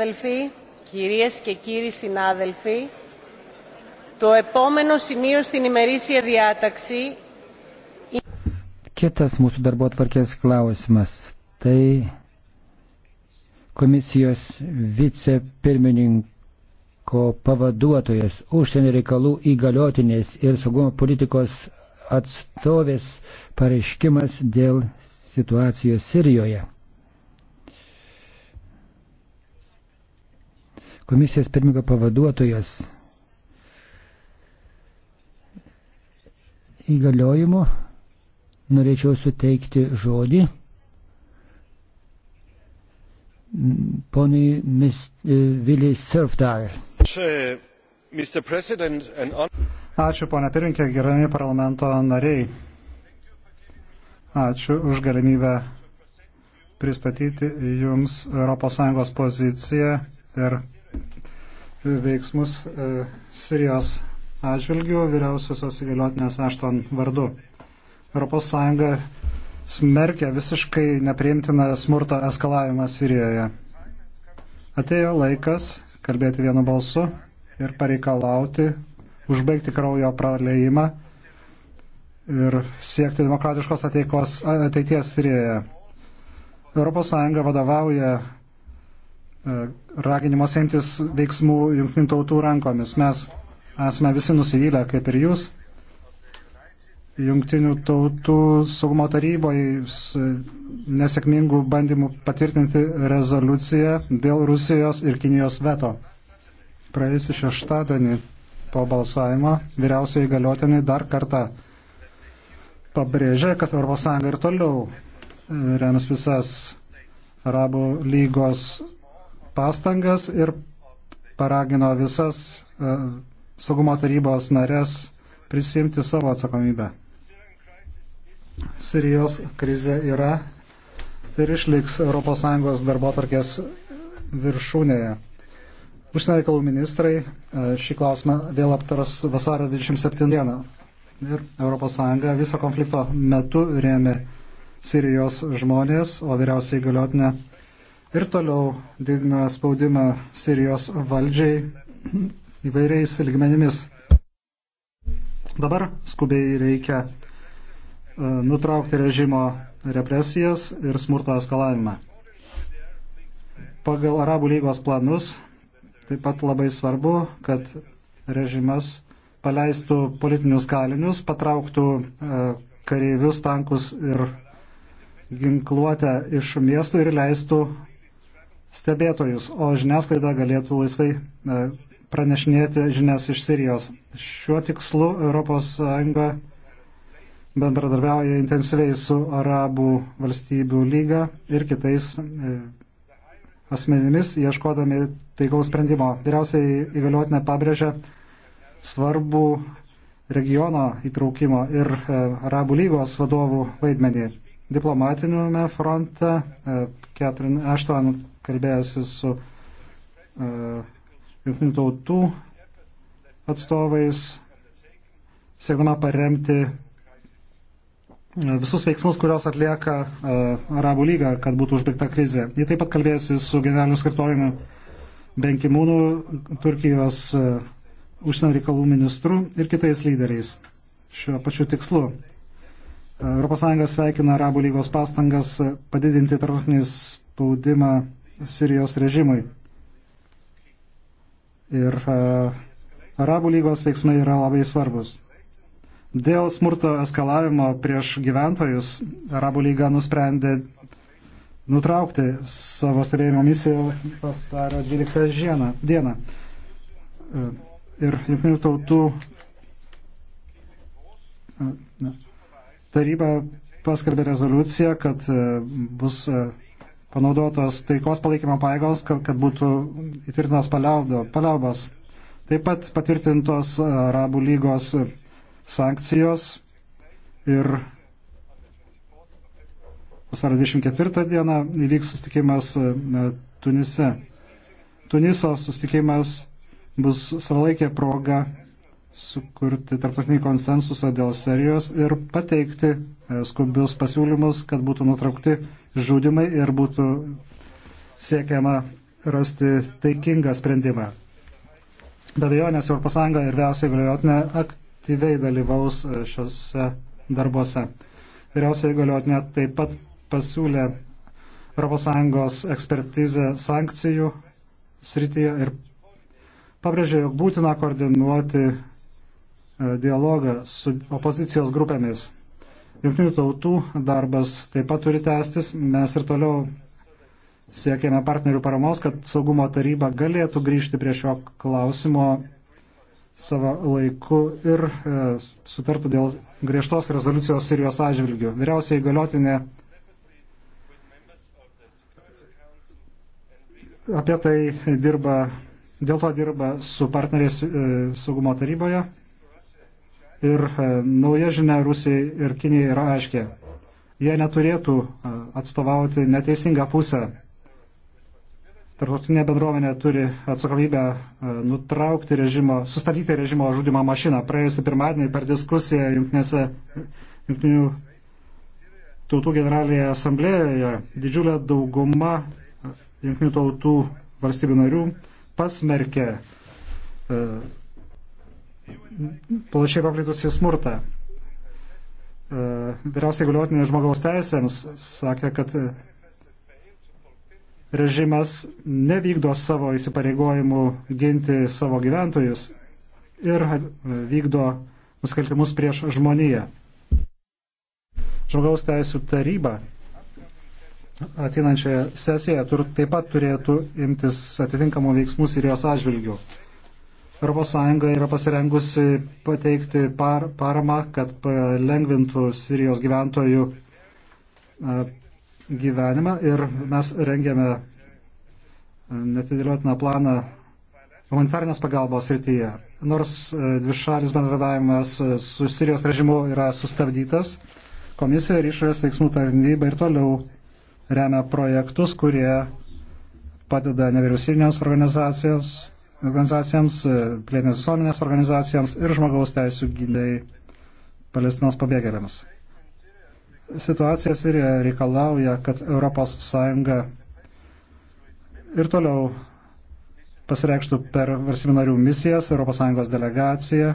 Αδελφοί, κυρίες και κύριοι συνάδελφοι, το επόμενο σημείο στην ημερήσια διάταξη... Kitas mūsų darbo atvarkės klausimas. Tai komisijos vicepirmininko pavaduotojas, užsienio reikalų įgaliotinės ir saugumo politikos atstovės pareiškimas dėl situacijos Sirijoje. komisijos pirmigo pavaduotojas įgaliojimu norėčiau suteikti žodį poniai uh, e, Vili Surfdar. Ačiū, ponia pirminkė, gerami parlamento nariai. Ačiū už galimybę pristatyti Jums ES poziciją ir veiksmus e, Sirijos atžvilgių vyriausiosios įgaliotinės Ašton vardu. ES smerkia visiškai nepriimtiną smurto eskalavimą Sirijoje. Atėjo laikas kalbėti vienu balsu ir pareikalauti užbaigti kraujo praleimą ir siekti demokratiškos ateikos, ateities Sirijoje. ES vadovauja E, raginimo semtis veiksmų jungtinių tautų rankomis. Mes esame visi nusivylę, kaip ir jūs. Jungtinių tautų saugumo taryboje nesėkmingų bandymų patvirtinti rezoliuciją dėl Rusijos ir Kinijos veto. Praėjusį šeštadienį po balsavimo vyriausiai galiotinai dar kartą pabrėžė, kad ES ir toliau e, rems visas Arabų lygos pastangas ir paragino visas e, saugumo tarybos narės prisimti savo atsakomybę. Sirijos krize yra ir išliks ES darbo tarkės viršūnėje. Užsienio reikalų ministrai e, šį klausimą vėl aptars vasario 27 dieną. Ir ES viso konflikto metu rėmė Sirijos žmonės, o vyriausiai galiotinė ir toliau didina spaudimą Sirijos valdžiai įvairiais lygmenimis. Dabar skubiai reikia e, nutraukti režimo represijas ir smurto eskalavimą. Pagal Arabų lygos planus taip pat labai svarbu, kad režimas paleistų politinius kalinius, patrauktų e, kareivius, tankus ir ginkluotę iš miestų ir leistų stebėtojus, o žiniasklaida galėtų laisvai e, pranešinėti žinias iš Sirijos. Šiuo tikslu ES bendradarbiauja intensyviai su Arabų valstybių lyga ir kitais e, asmenimis, ieškodami taikaus sprendimo. Vyriausiai įgaliotinė pabrėžia svarbų regiono įtraukimo ir e, Arabų lygos vadovų vaidmenį. Diplomatiniame fronte Catherine Ashton kalbėjęs su uh, jungtinių tautų atstovais, siekdama paremti e, visus veiksmus, kurios atlieka uh, Arabų lyga, kad būtų užbaigta krizė. Ji taip pat kalbėjusi su generaliniu skirtoriumi Benkimūnu, Turkijos uh, užsienio reikalų ministru ir kitais lyderiais šiuo pačiu tikslu. ES sveikina Arabų lygos pastangas padidinti tarptautinį spaudimą Sirijos režimui. Ir uh, Arabų lygos veiksmai yra labai svarbus. Dėl smurto eskalavimo prieš gyventojus Arabų lyga nusprendė nutraukti savo stebėjimo misiją vasario 12 dieną. E, ir jungtinių tautų e, taryba paskelbė rezoliuciją, kad bus panaudotos taikos palaikymo paėgos, kad būtų įtvirtinos paliaubos. Taip pat patvirtintos e, Arabų lygos e, sankcijos ir vasario 24 dieną įvyks sustikimas e, Tunise. Tuniso sustikimas bus savalaikė proga sukurti tarptautinį konsensusą dėl serijos ir pateikti E, skumbius pasiūlymus, kad būtų nutraukti žudimai ir būtų siekiama rasti taikingą sprendimą. Be abejonės ES ir vyriausiai galiotinė aktyviai dalyvaus e, šiuose darbuose. Vyriausiai galiotinė taip pat pasiūlė ES ekspertizę sankcijų srityje ir pabrėžė, jog būtina koordinuoti e, dialogą su opozicijos grupėmis. Junktinių tautų darbas taip pat turi tęstis. Mes ir toliau siekėme partnerių paramos, kad saugumo taryba galėtų grįžti prie šio klausimo savo laiku ir e, sutartų dėl griežtos rezoliucijos Sirijos atžvilgių. Vyriausiai galiotinė apie tai dirba, dėl to dirba su partneriais e, saugumo taryboje Ir e, nauja žinia Rusijai ir Kinijai yra aiškia. Jie neturėtų e, atstovauti neteisingą pusę. Tarptautinė bendruomenė turi atsakomybę e, nutraukti režimo, sustabdyti režimo žudimo mašiną. Praėjusį pirmadienį per diskusiją Junktinėse Junktinių tautų generalinėje asamblėjoje didžiulė dauguma Junktinių tautų valstybių narių pasmerkė plačiai paplitusi smurtą. E, vyriausiai galiotinė žmogaus teisėms sakė, kad režimas nevykdo savo įsipareigojimų ginti savo gyventojus ir vykdo nusikaltimus prieš žmoniją. Žmogaus teisų taryba ateinančioje sesijoje tur, taip pat turėtų imtis atitinkamų veiksmų Sirijos atžvilgių. ES yra pasirengusi pateikti par, paramą, kad lengvintų Sirijos gyventojų gyvenimą ir mes rengiame netidėliotiną planą humanitarinės pagalbos srityje. Nors dvišalis bendradavimas su Sirijos režimu yra sustabdytas, komisija ir išorės veiksmų tarnyba ir toliau remia projektus, kurie padeda nevyriausybinėms organizacijoms organizacijams, e, plėtinės visuomenės organizacijams ir žmogaus teisų gyniai Palestinos pabėgėliams. Situacija Sirijoje reikalauja, kad ES ir toliau pasireikštų per varsiminarių misijas, ES delegaciją,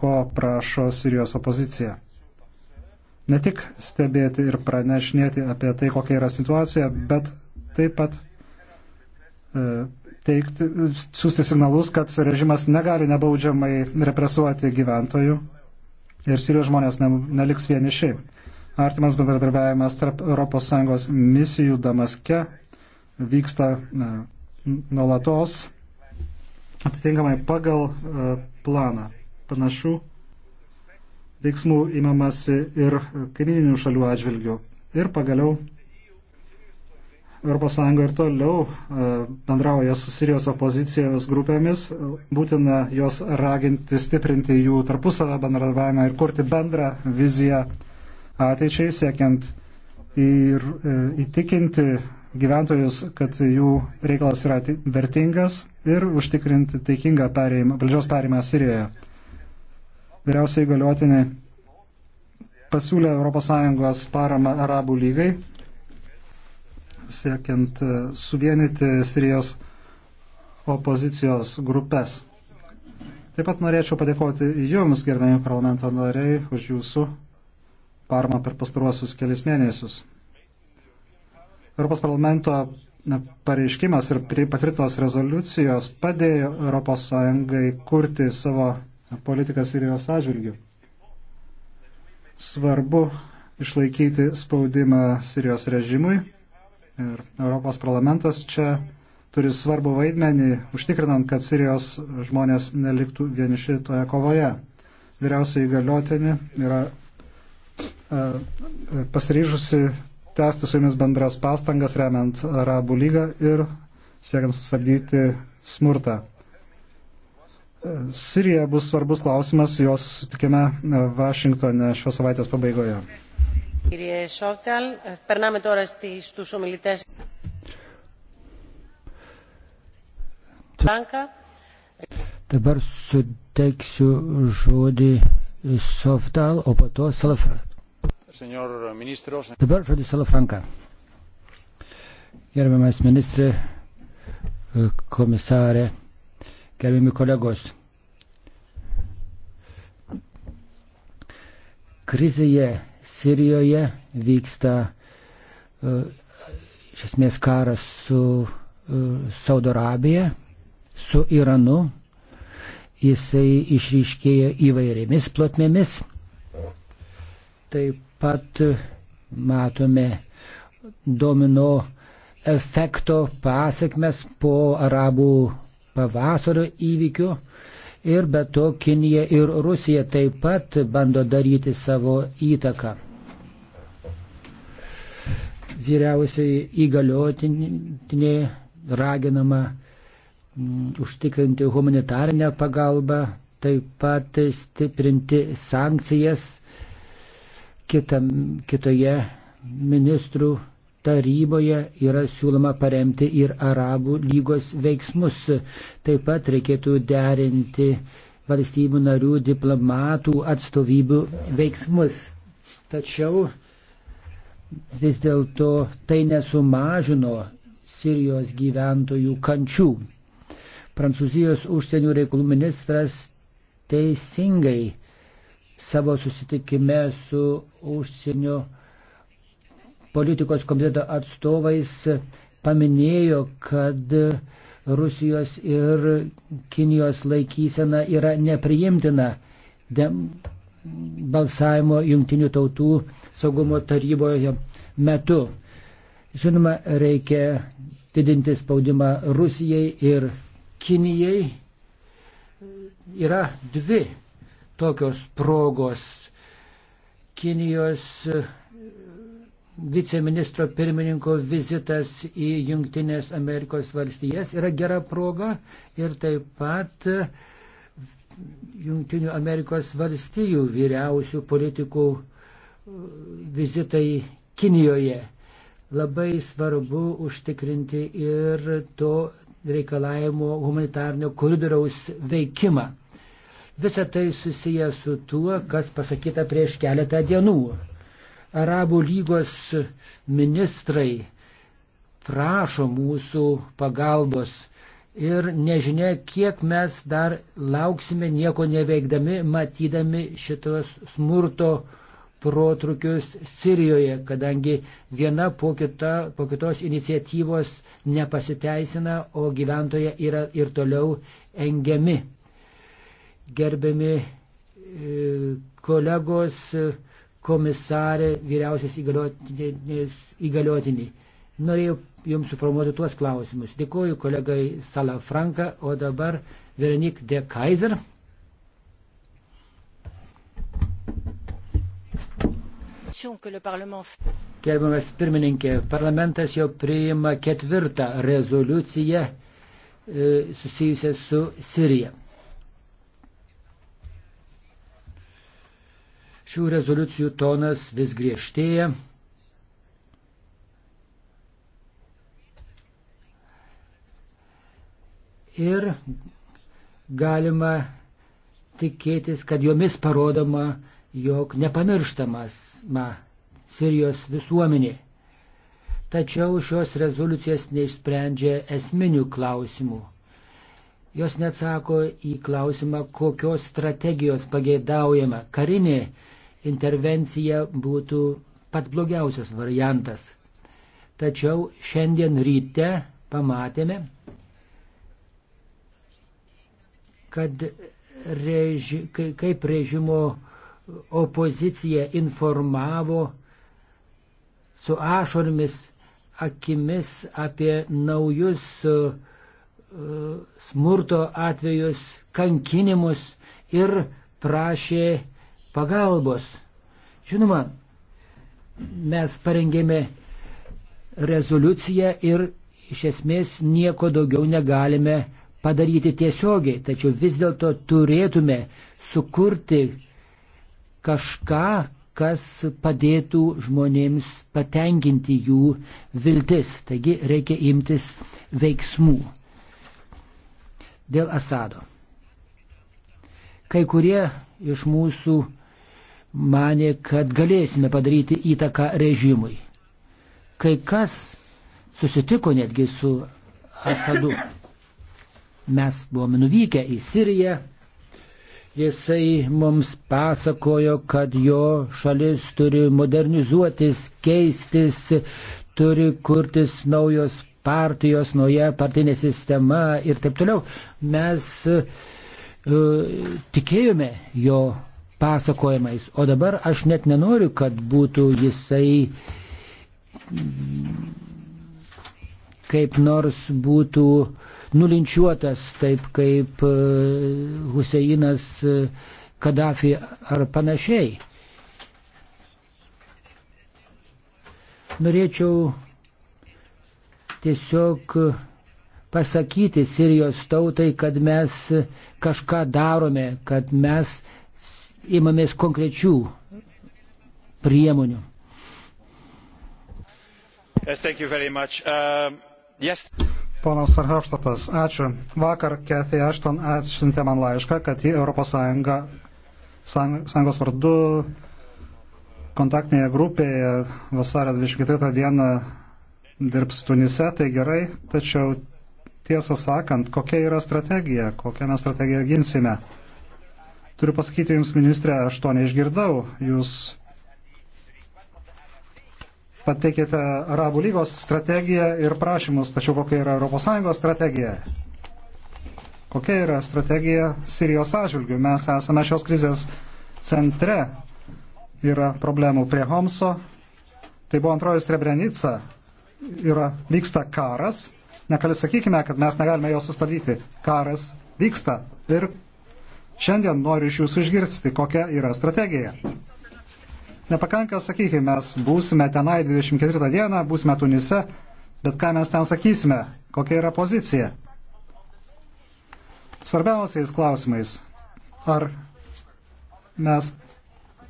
ko prašo Sirijos opozicija. Ne tik stebėti ir pranešinėti apie tai, kokia yra situacija, bet taip pat e, teikti, siūsti signalus, kad režimas negali nebaudžiamai represuoti gyventojų ir Sirijos žmonės ne, neliks vienišiai. Artimas bendradarbiavimas tarp ES misijų Damaske vyksta na, nuolatos atitinkamai pagal uh, planą. Panašių veiksmų įmamasi ir kaimininių šalių atžvilgių. Ir pagaliau ES ir toliau e, bendrauja su Sirijos opozicijos grupėmis, būtina jos raginti stiprinti jų tarpusavę bendradavimą ir kurti bendrą viziją ateičiai, siekiant ir e, įtikinti gyventojus, kad jų reikalas yra vertingas ir užtikrinti taikingą perėjimą, valdžios perėjimą Sirijoje. Vyriausiai galiotinė pasiūlė ES paramą Arabų lygai siekiant e, suvienyti Sirijos opozicijos grupės. Taip pat norėčiau padėkoti Jums, gerbėjami parlamento nariai, už Jūsų parmą per pastaruosius kelias mėnesius. Europos parlamento pareiškimas ir patvirtos rezoliucijos padėjo ES kurti savo politiką Sirijos atžvilgių. Svarbu išlaikyti spaudimą Sirijos režimui Ir Europos parlamentas čia turi svarbu vaidmenį, užtikrinant, kad Sirijos žmonės neliktų vieniši toje kovoje. Vyriausiai įgaliotinė yra e, e, pasiryžusi tęsti su jumis bendras pastangas, remiant Arabų lygą ir siekiant sustabdyti smurtą. E, Sirija bus svarbus klausimas, jos sutikime Vašingtone šios savaitės pabaigoje. Dabar suteiksiu žodį Softal, o po to Salafra. Dabar žodis Salafranka. Gerbiamas ministrė, e, komisarė, gerbiami kolegos. Krizėje Sirijoje vyksta e, iš esmės karas su e, Saudo Arabija, su Iranu. Jisai išryškėjo įvairiomis plotmėmis. Taip pat matome domino efekto pasiekmes po arabų pavasario įvykių ir be to Kinija ir Rusija taip pat bando daryti savo įtaką. Vyriausiai įgaliotinė raginama m, mm, užtikrinti humanitarinę pagalbą, taip pat stiprinti sankcijas kitam, kitoje ministrų taryboje yra siūloma paremti ir Arabų lygos veiksmus. Taip pat reikėtų derinti valstybių narių diplomatų atstovybių veiksmus. Tačiau vis dėlto tai nesumažino Sirijos gyventojų kančių. Prancūzijos užsienio reikalų ministras teisingai savo susitikime su užsienio reikalų politikos komiteto atstovais paminėjo, kad Rusijos ir Kinijos laikysena yra nepriimtina balsavimo jungtinių tautų saugumo taryboje metu. Žinoma, reikia didinti spaudimą Rusijai ir Kinijai. Yra dvi tokios progos. Kinijos viceministro pirmininko vizitas į Junktinės Amerikos valstijas yra gera proga ir taip pat Junktinių Amerikos valstijų vyriausių politikų e, vizitai Kinijoje. Labai svarbu užtikrinti ir to reikalavimo humanitarnio koridoriaus veikimą. Visą tai susiję su tuo, kas pasakyta prieš keletą dienų. Arabų lygos ministrai prašo mūsų pagalbos ir nežinia, kiek mes dar lauksime nieko neveikdami, matydami šitos smurto protrukius Sirijoje, kadangi viena po, kita, po kitos iniciatyvos nepasiteisina, o gyventoje yra ir toliau engiami. Gerbiami e, kolegos, komisarė vyriausias įgaliotinį. Norėjau Jums suformuoti tuos klausimus. Dėkuoju kolegai Salafranka, o dabar Veronik de Kaiser. Gerbiamas pirmininkė, parlamentas jau priima ketvirtą rezoliuciją e, susijusią su Sirija. Šių rezoliucijų tonas vis griežtėja. Ir galima tikėtis, kad jomis parodoma, jog nepamirštamas ma, Sirijos visuomenė. Tačiau šios rezoliucijos neišsprendžia esminių klausimų. Jos neatsako į klausimą, kokios strategijos pageidaujama - karinė intervencija būtų pats blogiausias variantas. Tačiau šiandien ryte pamatėme, kad reži, kaip režimo opozicija informavo su ašormis akimis apie naujus e, smurto atvejus, kankinimus ir prašė pagalbos. Žinoma, mes parengėme rezoliuciją ir iš esmės nieko daugiau negalime padaryti tiesiogiai, tačiau vis dėlto turėtume sukurti kažką, kas padėtų žmonėms patenkinti jų viltis. Taigi reikia imtis veiksmų. Dėl Asado. Kai kurie iš mūsų manė, kad galėsime padaryti įtaką režimui. Kai kas susitiko netgi su Asadu. Mes buvome nuvykę į Siriją. Jisai mums pasakojo, kad jo šalis turi modernizuotis, keistis, turi kurtis naujos partijos, nauja partinė sistema ir taip toliau. Mes uh, tikėjome jo pasakojimais. O dabar aš net nenoriu, kad būtų jisai kaip nors būtų nulinčiuotas, taip kaip e, Huseinas e, Kadafi ar panašiai. Norėčiau tiesiog pasakyti Sirijos tautai, kad mes kažką darome, kad mes imamės konkrečių priemonių. Yes, um, yes. Ponas Verhofstadtas, ačiū. Vakar Kathy Ashton atsiuntė man laišką, kad į ES sąjungos vardu kontaktinėje grupėje vasario 24 dieną dirbs Tunise, tai gerai, tačiau tiesą sakant, kokia yra strategija, kokią mes strategiją ginsime. Turiu pasakyti Jums, ministrė, aš to neišgirdau. Jūs pateikėte Arabų lygos strategiją ir prašymus, tačiau kokia yra ES strategija? Kokia yra strategija Sirijos atžvilgių? Mes esame šios krizės centre. Yra problemų prie Homso. Tai buvo antroji Srebrenica. Yra, vyksta karas. Nekali sakykime, kad mes negalime jo sustabdyti. Karas vyksta. Ir Šiandien noriu iš jūsų išgirsti, kokia yra strategija. Nepakanka sakyti, mes būsime tenai 24 dieną, būsime Tunise, bet ką mes ten sakysime, kokia yra pozicija. Svarbiausiais klausimais, ar mes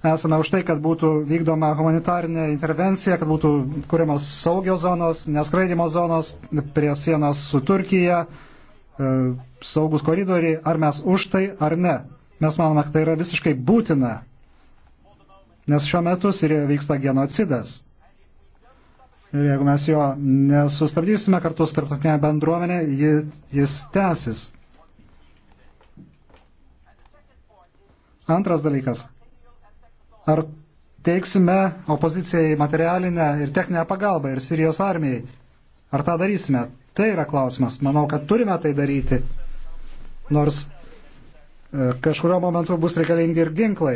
esame už tai, kad būtų vykdoma humanitarinė intervencija, kad būtų kuriamos saugios zonos, neskraidimo zonos prie sienos su Turkija, E, saugus koridoriai, ar mes už tai, ar ne. Mes manome, kad tai yra visiškai būtina, nes šiuo metu Sirijoje vyksta genocidas. Ir jeigu mes jo nesustabdysime kartu su tarptautinė bendruomenė, ji, jis tęsis. Antras dalykas. Ar teiksime opozicijai materialinę ir techninę pagalbą ir Sirijos armijai? Ar tą darysime? Tai yra klausimas. Manau, kad turime tai daryti. Nors e, kažkurio momentu bus reikalingi ir ginklai.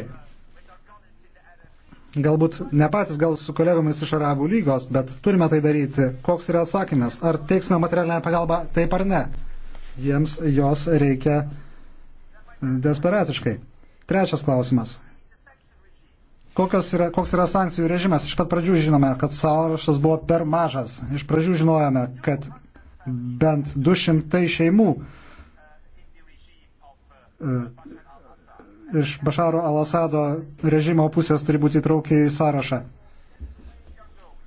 Galbūt ne patys, gal su kolegomis iš Arabų lygos, bet turime tai daryti. Koks yra atsakymas? Ar teiksime materialinę pagalbą, taip ar ne? Jiems jos reikia e, desperatiškai. Trečias klausimas. Kokios yra, koks yra sankcijų režimas? Iš pat pradžių žinome, kad sąrašas buvo per mažas. Iš pradžių žinojame, kad bent 200 šeimų e, iš Bašaro Al-Asado režimo pusės turi būti įtraukiai į sąrašą.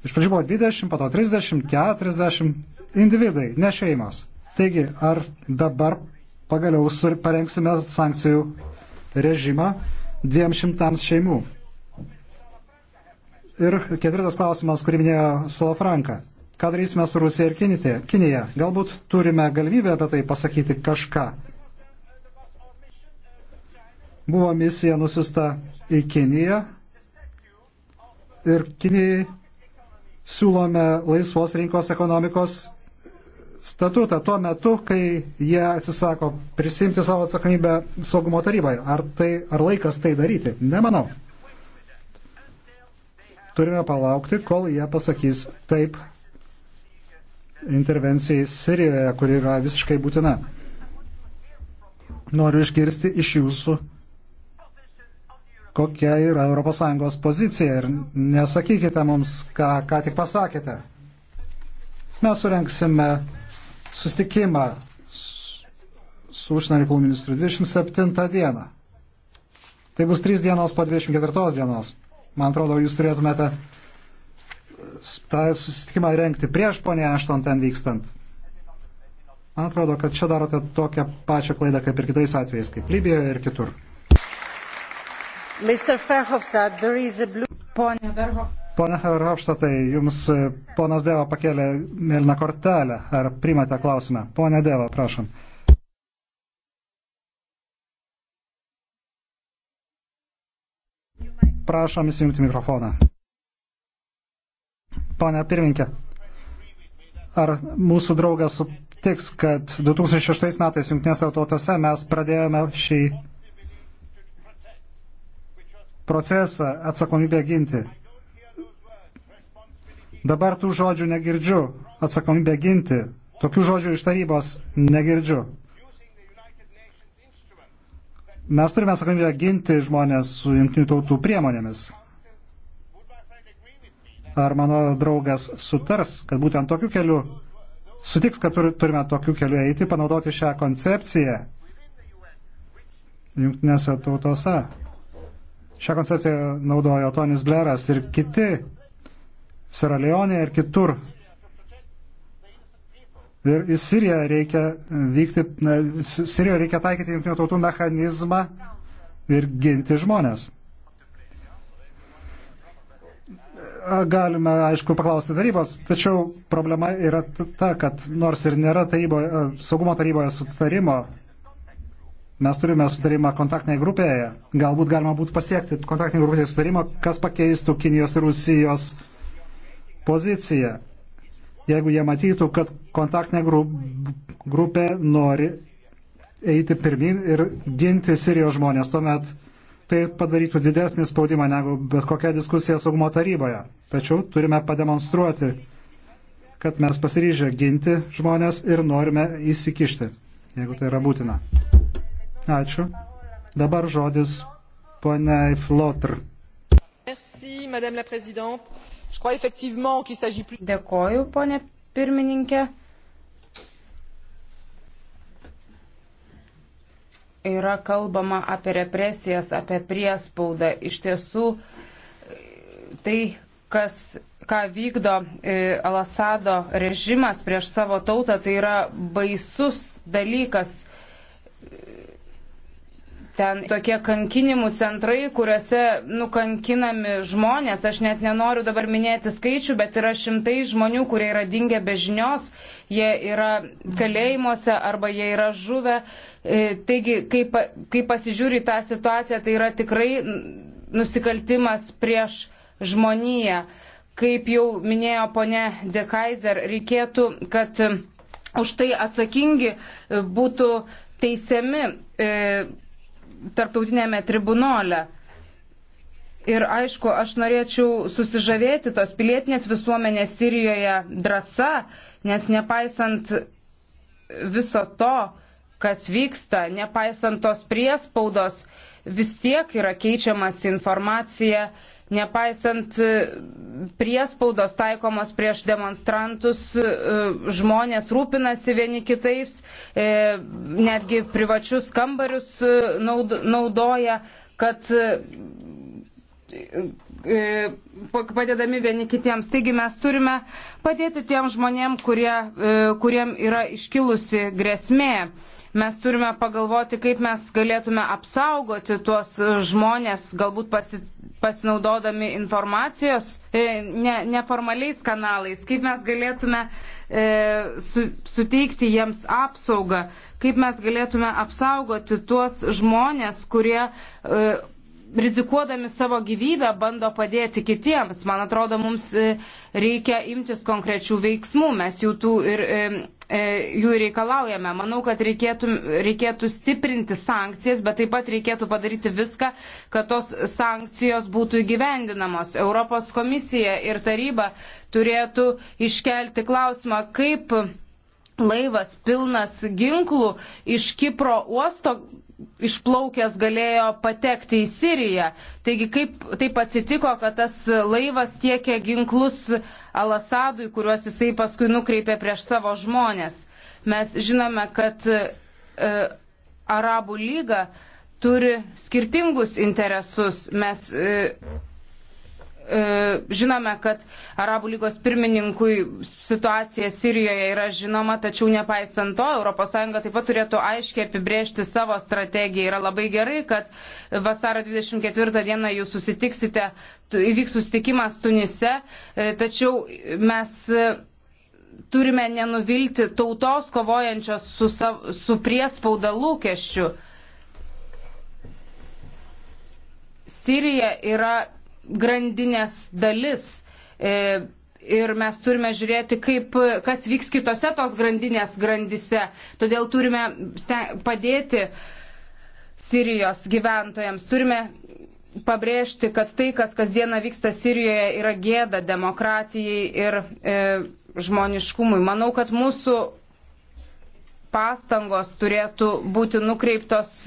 Iš pradžių buvo 20, po to 30, 40 individai, ne šeimos. Taigi, ar dabar pagaliau parengsime sankcijų režimą 200 šeimų? Ir ketvirtas klausimas, kurį minėjo Salafranka. Ką darysime su Rusija ir Kinija? Galbūt turime galimybę apie tai pasakyti kažką. Buvo misija nusista į Kiniją ir Kinijai siūlome laisvos rinkos ekonomikos statutą tuo metu, kai jie atsisako prisimti savo atsakomybę saugumo taryboje. Ar, tai, ar laikas tai daryti? Nemanau. Turime palaukti, kol jie pasakys taip intervencijai Sirijoje, kuri yra visiškai būtina. Noriu išgirsti iš jūsų, kokia yra ES pozicija ir nesakykite mums, ką, ką tik pasakėte. Mes surenksime sustikimą su užsienio reikalų ministru 27 dieną. Tai bus 3 dienos po 24 dienos. Man atrodo, jūs turėtumėte tą susitikimą renkti prieš ponę Ašton ten vykstant. Man atrodo, kad čia darote tokią pačią klaidą kaip ir kitais atvejais, kaip Libijoje ir kitur. Blue... Pone Verhofštatai, jums e, ponas Deva pakėlė mėlyną kortelę. Ar primate klausimą? Pone Deva, prašom. Prašom įsijungti mikrofoną. Pane pirminkė, ar mūsų draugas sutiks, kad 2006 metais Junktinėse tautose mes pradėjome šį procesą atsakomybę ginti. Dabar tų žodžių negirdžiu, atsakomybę ginti. Tokių žodžių iš tarybos negirdžiu. Mes turime atsakomybę ginti žmonės su jungtinių tautų priemonėmis ar mano draugas sutars, kad būtent tokiu keliu, sutiks, kad turime tokiu keliu eiti, panaudoti šią koncepciją jungtinėse tautose. Šią koncepciją naudojo Tonis Bleras ir kiti, Seraleonė ir kitur. Ir į Siriją reikia vykti, Sirijoje reikia taikyti jungtinių tautų mechanizmą ir ginti žmonės. galime, aišku, paklausti tarybos, tačiau problema yra ta, kad nors ir nėra taryboje, saugumo taryboje sutarimo, mes turime sutarimą kontaktinėje grupėje, galbūt galima būtų pasiekti kontaktinėje grupėje sutarimą, kas pakeistų Kinijos ir Rusijos poziciją. Jeigu jie matytų, kad kontaktinė grupė nori eiti pirmin ir ginti Sirijos žmonės, tuomet tai padarytų didesnį spaudimą negu bet kokia diskusija saugumo taryboje. Tačiau turime pademonstruoti, kad mes pasiryžę ginti žmonės ir norime įsikišti, jeigu tai yra būtina. Ačiū. Dabar žodis poniai Flotr. Merci, madame la présidente. Je crois effectivement qu'il s'agit plus. Dėkoju, ponė pirmininkė. yra kalbama apie represijas, apie priespaudą. Iš tiesų, tai, kas, ką vykdo e, Alasado režimas prieš savo tautą, tai yra baisus dalykas. Ten tokie kankinimų centrai, kuriuose nukankinami žmonės. Aš net nenoriu dabar minėti skaičių, bet yra šimtai žmonių, kurie yra dingę be žinios, jie yra kalėjimuose arba jie yra žuvę. E, taigi, kai, kai pasižiūri tą situaciją, tai yra tikrai nusikaltimas prieš žmoniją. Kaip jau minėjo ponė Dekaiser, reikėtų, kad už tai atsakingi būtų teisiami. E, tarptautinėme tribunole. Ir aišku, aš norėčiau susižavėti tos pilietinės visuomenės Sirijoje drąsa, nes nepaisant viso to, kas vyksta, nepaisant tos priespaudos, vis tiek yra keičiamas informacija nepaisant e, priespaudos taikomos prieš demonstrantus, e, žmonės rūpinasi vieni kitais, e, netgi privačius kambarius naudoja, kad padedami vieni kitiems. Taigi mes turime padėti tiem žmonėm, kurie, kuriem yra iškilusi grėsmė. Mes turime pagalvoti, kaip mes galėtume apsaugoti tuos žmonės, galbūt pasi, pasinaudodami informacijos, e, ne, neformaliais kanalais, kaip mes galėtume e, su, suteikti jiems apsaugą, kaip mes galėtume apsaugoti tuos žmonės, kurie e, rizikuodami savo gyvybę bando padėti kitiems. Man atrodo, mums e, reikia imtis konkrečių veiksmų, mes jų, tų ir, e, e, jų reikalaujame. Manau, kad reikėtų, reikėtų stiprinti sankcijas, bet taip pat reikėtų padaryti viską, kad tos sankcijos būtų įgyvendinamos. Europos komisija ir taryba turėtų iškelti klausimą, kaip laivas pilnas ginklų iš Kipro uosto išplaukęs galėjo patekti į Siriją. Taigi kaip taip atsitiko, kad tas laivas tiekė ginklus Alasadui, kuriuos jisai paskui nukreipė prieš savo žmonės. Mes žinome, kad e, Arabų lyga turi skirtingus interesus. Mes, e, E, žinome, kad Arabų lygos pirmininkui situacija Sirijoje yra žinoma, tačiau nepaisant to, ES taip pat turėtų aiškiai apibrėžti savo strategiją. Yra labai gerai, kad vasaro 24 dieną jūs susitiksite, įvyks susitikimas Tunise, e, tačiau mes e, turime nenuvilti tautos kovojančios su, sav, su priespauda lūkesčių. Sirija yra grandinės dalis. E, ir mes turime žiūrėti, kaip, kas vyks kitose tos grandinės grandise. Todėl turime padėti Sirijos gyventojams. Turime pabrėžti, kad tai, kas kasdieną vyksta Sirijoje, yra gėda demokratijai ir e, žmoniškumui. Manau, kad mūsų pastangos turėtų būti nukreiptos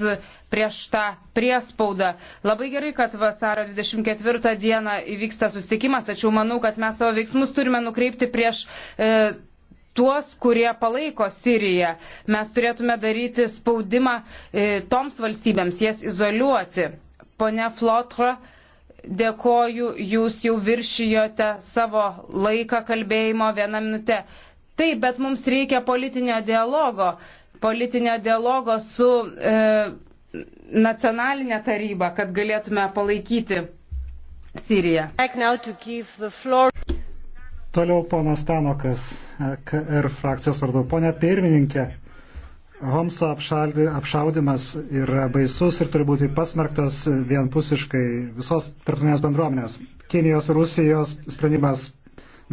prieš tą priespaudą. Labai gerai, kad vasario 24 dieną įvyksta sustikimas, tačiau manau, kad mes savo veiksmus turime nukreipti prieš. E, tuos, kurie palaiko Siriją. Mes turėtume daryti spaudimą e, toms valstybėms, jas izoliuoti. Pone Flotra, dėkoju, jūs jau viršijote savo laiką kalbėjimo vieną minutę. Taip, bet mums reikia politinio dialogo. Politinio dialogo su. E, nacionalinę tarybą, kad galėtume palaikyti Siriją. Toliau ponas Tanokas, KR frakcijos vardu. Pone pirmininkė, Homso apšaudimas yra baisus ir turi būti pasmerktas vienpusiškai visos tarptautinės bendruomenės. Kinijos ir Rusijos sprendimas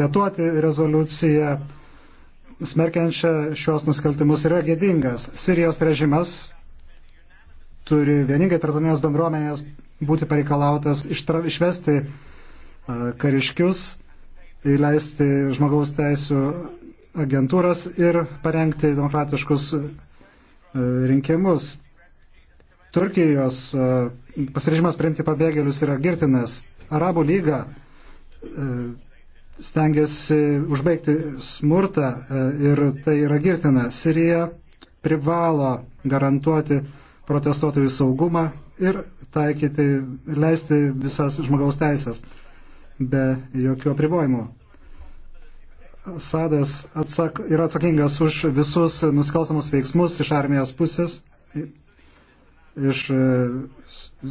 vetuoti rezoliuciją smerkiančią šios nusikaltimus yra gėdingas. Sirijos režimas turi vieningai tarptautinės bendruomenės būti pareikalautas ištra, išvesti kariškius, įleisti žmogaus teisų agentūras ir parengti demokratiškus rinkimus. Turkijos pasirežimas priimti pabėgėlius yra girtinas. Arabų lyga stengiasi užbaigti smurtą ir tai yra girtina. Sirija privalo garantuoti protestuotojų saugumą ir taikyti, leisti visas žmogaus teisės be jokių apribojimų. Sadas atsak, yra atsakingas už visus nusikalstamus veiksmus iš armijos pusės, iš e,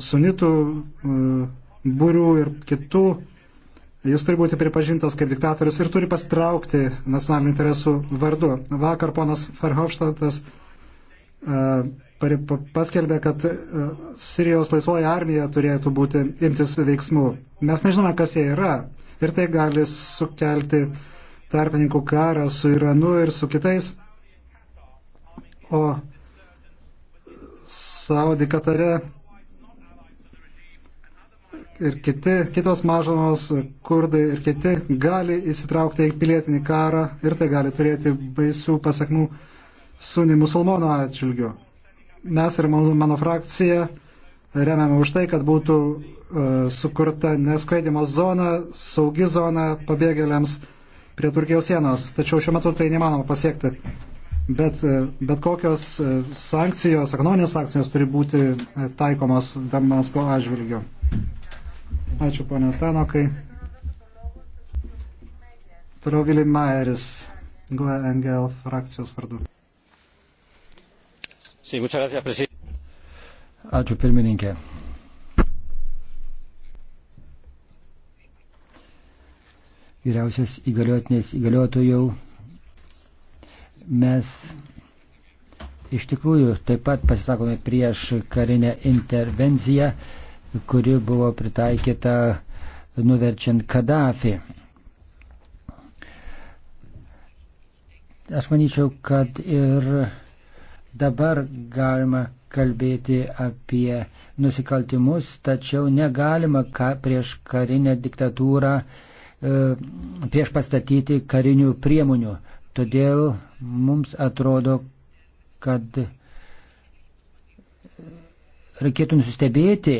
sunitų e, būrių ir kitų. Jis turi būti pripažintas kaip diktatorius ir turi pasitraukti nacionalinių interesų vardu. Vakar ponas Ferhofštatas uh, paskelbė, kad e, Sirijos laisvoji armija turėtų būti imtis veiksmų. Mes nežinome, kas jie yra ir tai gali sukelti tarpininkų karą su Iranu ir su kitais. O Saudi Katare ir kiti, kitos mažomos, kurdai ir kiti gali įsitraukti į pilietinį karą ir tai gali turėti baisių pasakmų sunį musulmono atžvilgiu mes ir mano, mano frakcija remiame už tai, kad būtų e, sukurta neskraidimo zona, saugi zona pabėgėliams prie Turkijos sienos. Tačiau šiuo metu tai nemanoma pasiekti. Bet, e, bet kokios e, sankcijos, ekonominės sankcijos turi būti taikomos Damasko atžvilgiu. Ačiū, ponė Tanokai. Toliau Vilim Maeris, GUE NGL frakcijos vardu. Ačiū pirmininkė. Vyriausias įgaliotinės įgaliotojau, mes iš tikrųjų taip pat pasisakome prieš karinę intervenciją, kuri buvo pritaikyta nuverčiant Kadafį. Aš manyčiau, kad ir Dabar galima kalbėti apie nusikaltimus, tačiau negalima ka, prieš karinę diktatūrą e, prieš pastatyti karinių priemonių. Todėl mums atrodo, kad reikėtų nusistebėti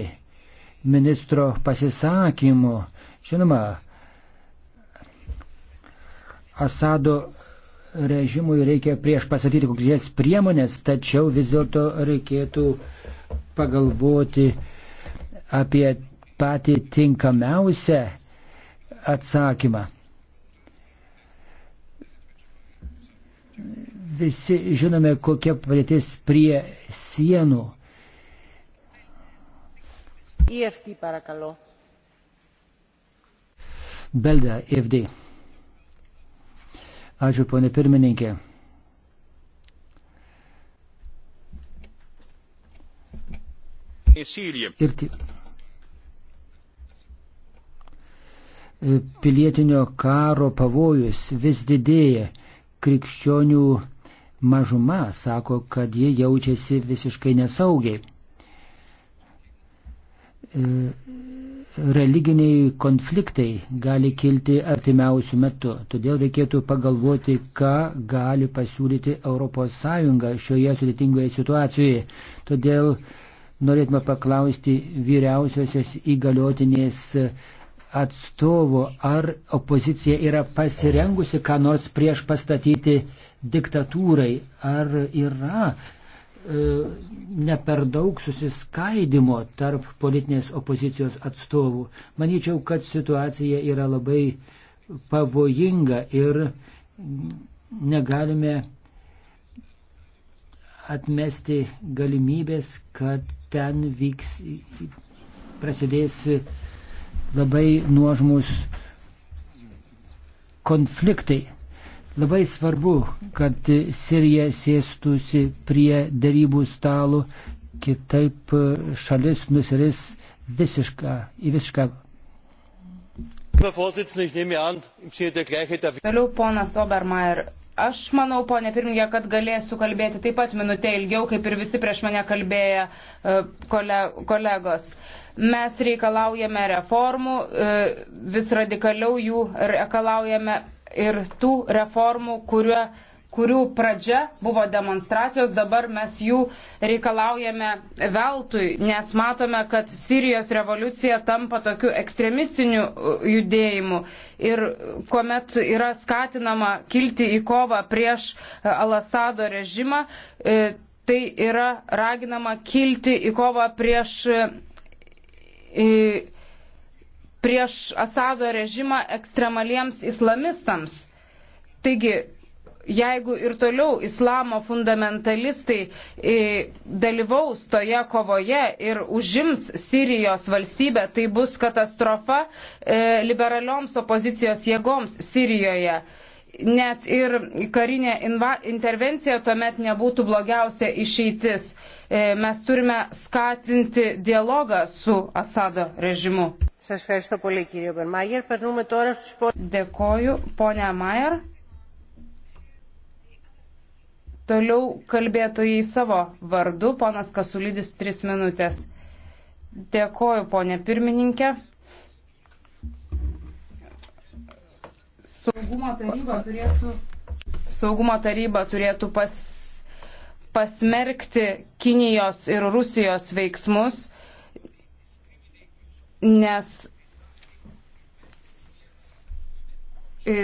ministro pasisakymu. Žinoma, Asado režimui reikia prieš pasakyti kokias priemonės, tačiau vis dėlto reikėtų pagalvoti apie patį tinkamiausią atsakymą. Visi žinome, kokia padėtis prie sienų. EFT, parakalo. Belda, EFD. Ačiū, ponė pirmininkė. Ir pilietinio karo pavojus vis didėja. Krikščionių mažuma sako, kad jie jaučiasi visiškai nesaugiai. E religiniai konfliktai gali kilti artimiausių metų. Todėl reikėtų pagalvoti, ką gali pasiūlyti ES šioje sudėtingoje situacijoje. Todėl norėtume paklausti vyriausiosios įgaliotinės atstovo, ar opozicija yra pasirengusi ką nors prieš pastatyti diktatūrai, ar yra E, ne per daug susiskaidimo tarp politinės opozicijos atstovų. Manyčiau, kad situacija yra labai pavojinga ir negalime atmesti galimybės, kad ten vyks, prasidės labai nuožmus konfliktai. Labai svarbu, kad Sirija sėstųsi prie darybų stalo, kitaip šalis nusiris visišką, į visišką. Toliau ponas Obermeier, Aš manau, ponė pirmininkė, kad galėsiu kalbėti taip pat minutę ilgiau, kaip ir visi prieš mane kalbėję e, kole, kolegos. Mes reikalaujame reformų, e, vis radikaliau jų reikalaujame ir tų reformų, kurio, kurių pradžia buvo demonstracijos, dabar mes jų reikalaujame veltui, nes matome, kad Sirijos revoliucija tampa tokiu ekstremistiniu judėjimu ir kuomet yra skatinama kilti į kovą prieš e, Alasado režimą, e, tai yra raginama kilti į kovą prieš į, e, prieš Asado režimą ekstremaliems islamistams. Taigi, jeigu ir toliau islamo fundamentalistai e, dalyvaus toje kovoje ir užims Sirijos valstybę, tai bus katastrofa e, liberalioms opozicijos jėgoms Sirijoje. Net ir karinė intervencija tuomet nebūtų blogiausia išeitis. E, mes turime skatinti dialogą su Asado režimu. Dėkoju, ponia Majer. Toliau kalbėtojai savo vardu, ponas Kasulydis, tris minutės. Dėkoju, ponė pirmininkė. Saugumo taryba turėtų, saugumo taryba turėtų pas, pasmerkti Kinijos ir Rusijos veiksmus, nes e,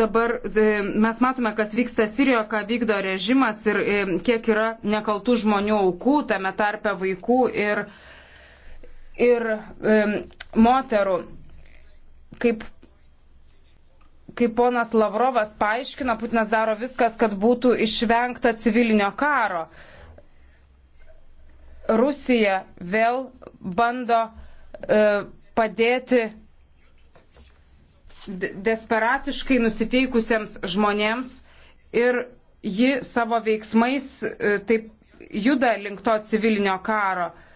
dabar e, mes matome, kas vyksta Sirijoje, ką vykdo režimas ir e, kiek yra nekaltų žmonių aukų, tame tarpe vaikų ir, ir moterų. Kaip kaip ponas Lavrovas paaiškino, Putinas daro viskas, kad būtų išvengta civilinio karo. Rusija vėl bando e, padėti desperatiškai nusiteikusiems žmonėms ir ji savo veiksmais e, taip juda link to civilinio karo. E,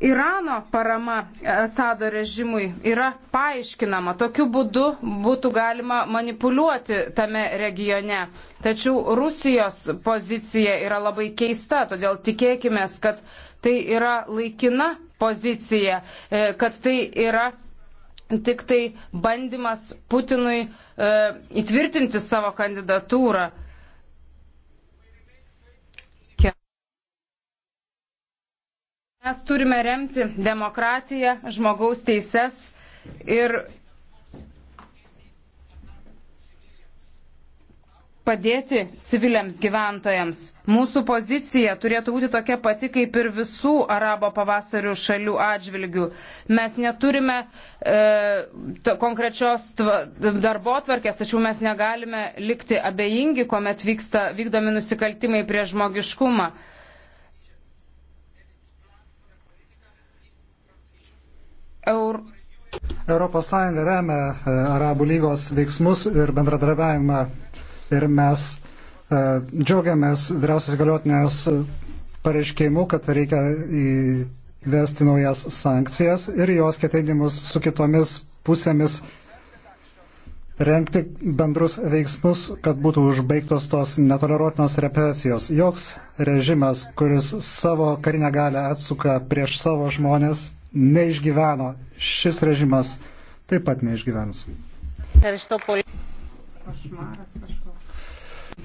Irano parama e, Asado režimui yra paaiškinama. Tokiu būdu būtų galima manipuliuoti tame regione. Tačiau Rusijos pozicija yra labai keista, todėl tikėkime, kad tai yra laikina pozicija, e, kad tai yra tik tai bandymas Putinui e, įtvirtinti savo kandidatūrą. Mes turime remti demokratiją, žmogaus teises ir padėti civiliams gyventojams. Mūsų pozicija turėtų būti tokia pati kaip ir visų arabo pavasarių šalių atžvilgių. Mes neturime e, konkrečios tva, darbo atvarkės, tačiau mes negalime likti abejingi, kuomet vyksta, vykdomi nusikaltimai prie žmogiškumą. Eur... Europos Sąjunga remia e, Arabų lygos veiksmus ir bendradarbiavimą ir mes e, džiaugiamės vyriausios galiotinės pareiškimu, kad reikia įvesti naujas sankcijas ir jos ketinimus su kitomis pusėmis renkti bendrus veiksmus, kad būtų užbaigtos tos netoleruotinos represijos. Joks režimas, kuris savo karinę galę atsuka prieš savo žmonės, neišgyveno, šis režimas taip pat neišgyvens.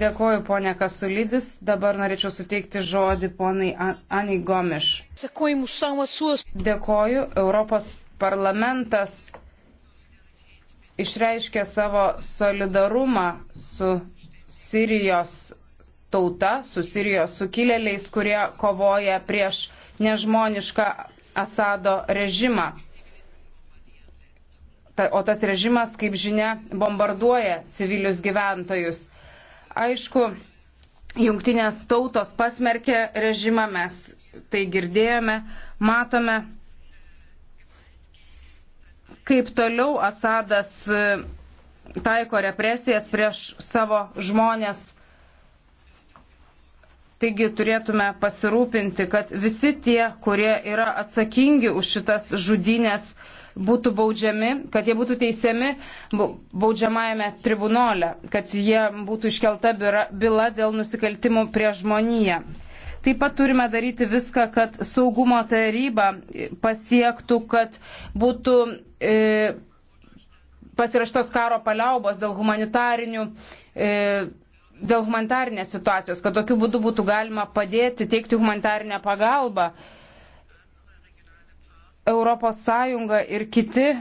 Dėkoju, ponė Kasulydis. Dabar norėčiau suteikti žodį ponai Anai Gomiš. Dėkoju, Europos parlamentas išreiškė savo solidarumą su Sirijos tauta, su Sirijos sukilėliais, kurie kovoja prieš nežmonišką Asado režimą. Ta, o tas režimas, kaip žinia, bombarduoja civilius gyventojus. Aišku, jungtinės tautos pasmerkė režimą, mes tai girdėjome, matome, kaip toliau Asadas e, taiko represijas prieš savo žmonės Taigi turėtume pasirūpinti, kad visi tie, kurie yra atsakingi už šitas žudynės, būtų baudžiami, kad jie būtų teisiami baudžiamajame tribunole, kad jie būtų iškelta byla dėl nusikaltimų prie žmoniją. Taip pat turime daryti viską, kad saugumo taryba pasiektų, kad būtų e, pasiraštos karo paliaubos dėl humanitarinių e, dėl humanitarnės situacijos, kad tokiu būdu būtų galima padėti teikti humanitarnę pagalbą. Europos Sąjunga ir kiti e,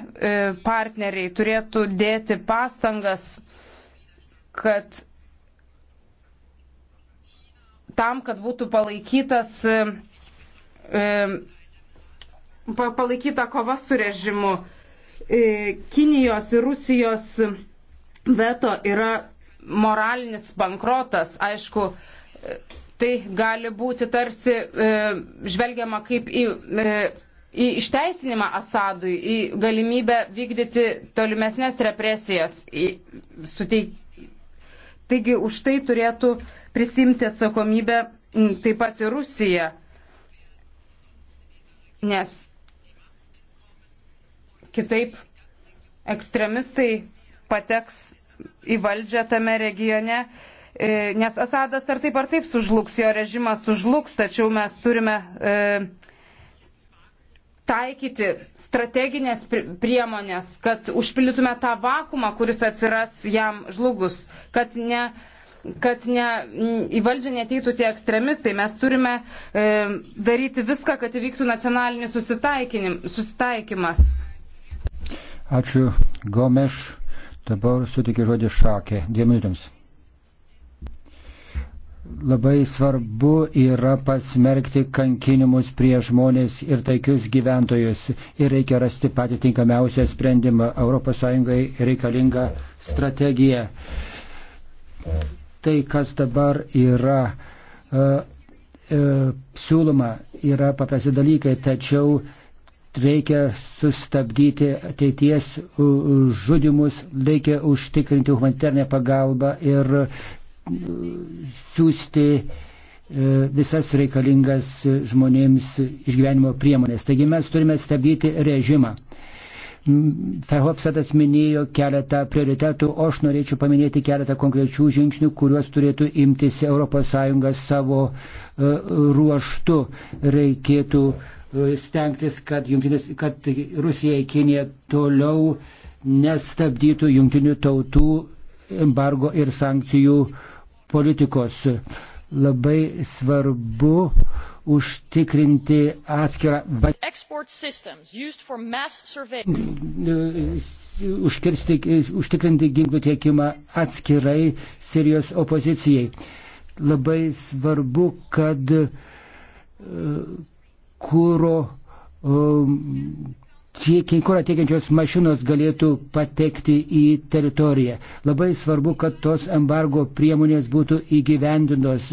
partneriai turėtų dėti pastangas, kad tam, kad būtų palaikytas e, e, palaikyta kova su režimu. Kinijos ir Rusijos veto yra moralinis bankrotas, aišku, tai gali būti tarsi e, žvelgiama kaip į, e, į išteisinimą Asadui, į galimybę vykdyti tolimesnės represijas. Į, suteik... Taigi už tai turėtų prisimti atsakomybę taip pat ir Rusija. Nes kitaip ekstremistai pateks į valdžią tame regione. E, nes Asadas ar taip ar taip sužlugs, jo režimas sužlugs, tačiau mes turime e, taikyti strateginės priemonės, kad užpildytume tą vakumą, kuris atsiras jam žlugus, kad ne kad ne, į valdžią neteitų tie ekstremistai. Mes turime e, daryti viską, kad įvyktų nacionalinis susitaikymas. Ačiū, Gomeš. Dabar sutikiu žodį šakė. Dviem minutėms. Labai svarbu yra pasmerkti kankinimus prie žmonės ir taikius gyventojus. Ir reikia rasti patį tinkamiausią sprendimą. ES reikalinga strategija. Tai, kas dabar yra uh, e, uh, e, siūloma, yra paprasti dalykai, tačiau uh, reikia sustabdyti ateities žudimus, reikia užtikrinti humanitarnę pagalbą ir siūsti e, visas reikalingas žmonėms išgyvenimo priemonės. Taigi mes turime stabdyti režimą. Ferhofsadas minėjo keletą prioritetų, o aš norėčiau paminėti keletą konkrečių žingsnių, kuriuos turėtų imtis ES savo e, ruoštų. Reikėtų uh, stengtis, kad, jungtinės, kad Rusija ir Kinija toliau nestabdytų jungtinių tautų embargo ir sankcijų politikos. Labai svarbu užtikrinti atskirą. Mm, užkirsti, užtikrinti ginklų tiekimą atskirai Sirijos opozicijai. Labai svarbu, kad kūro um, tiekiai, kurą tiekiančios mašinos galėtų patekti į teritoriją. Labai svarbu, kad tos embargo priemonės būtų įgyvendintos.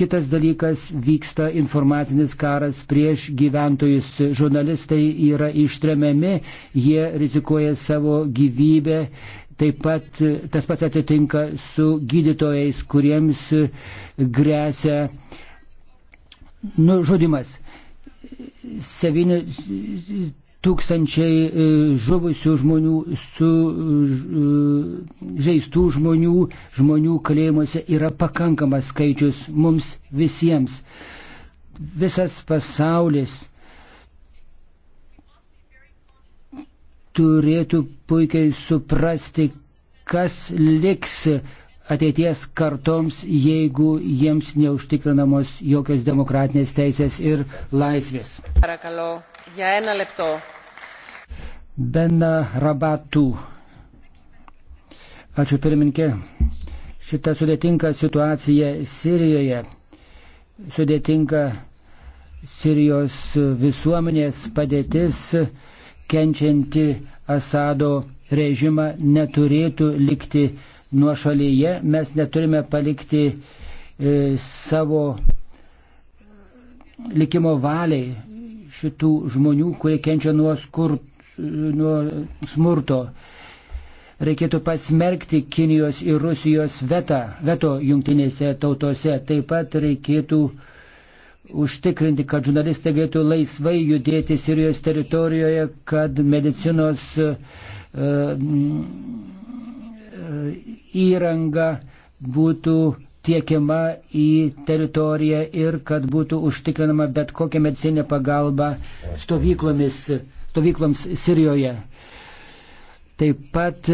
Kitas dalykas vyksta informacinis karas prieš gyventojus. Žurnalistai yra ištremiami, jie rizikuoja savo gyvybę. Taip pat tas pats atsitinka su gydytojais, kuriems grėsia nužudimas. 7 tūkstančiai e, žuvusių žmonių, su e, žaistų žmonių, žmonių kalėjimuose yra pakankamas skaičius mums visiems. Visas pasaulis turėtų puikiai suprasti, kas liks ateities kartoms, jeigu jiems neužtikrinamos jokios demokratinės teisės ir laisvės. Bena Rabatų. Ačiū pirmininkė. Šita sudėtinga situacija Sirijoje, sudėtinga Sirijos visuomenės padėtis, kenčianti Asado režimą neturėtų likti nuo šalyje, mes neturime palikti e, savo likimo valiai šitų žmonių, kurie kenčia nuo, skurt, nuo smurto. Reikėtų pasmerkti Kinijos ir Rusijos vetą, veto jungtinėse tautose. Taip pat reikėtų užtikrinti, kad žurnalistai galėtų laisvai judėti Sirijos teritorijoje, kad medicinos uh, įranga būtų tiekiama į teritoriją ir kad būtų užtikrinama bet kokia medicinė pagalba stovyklomis, stovykloms Sirijoje. Taip pat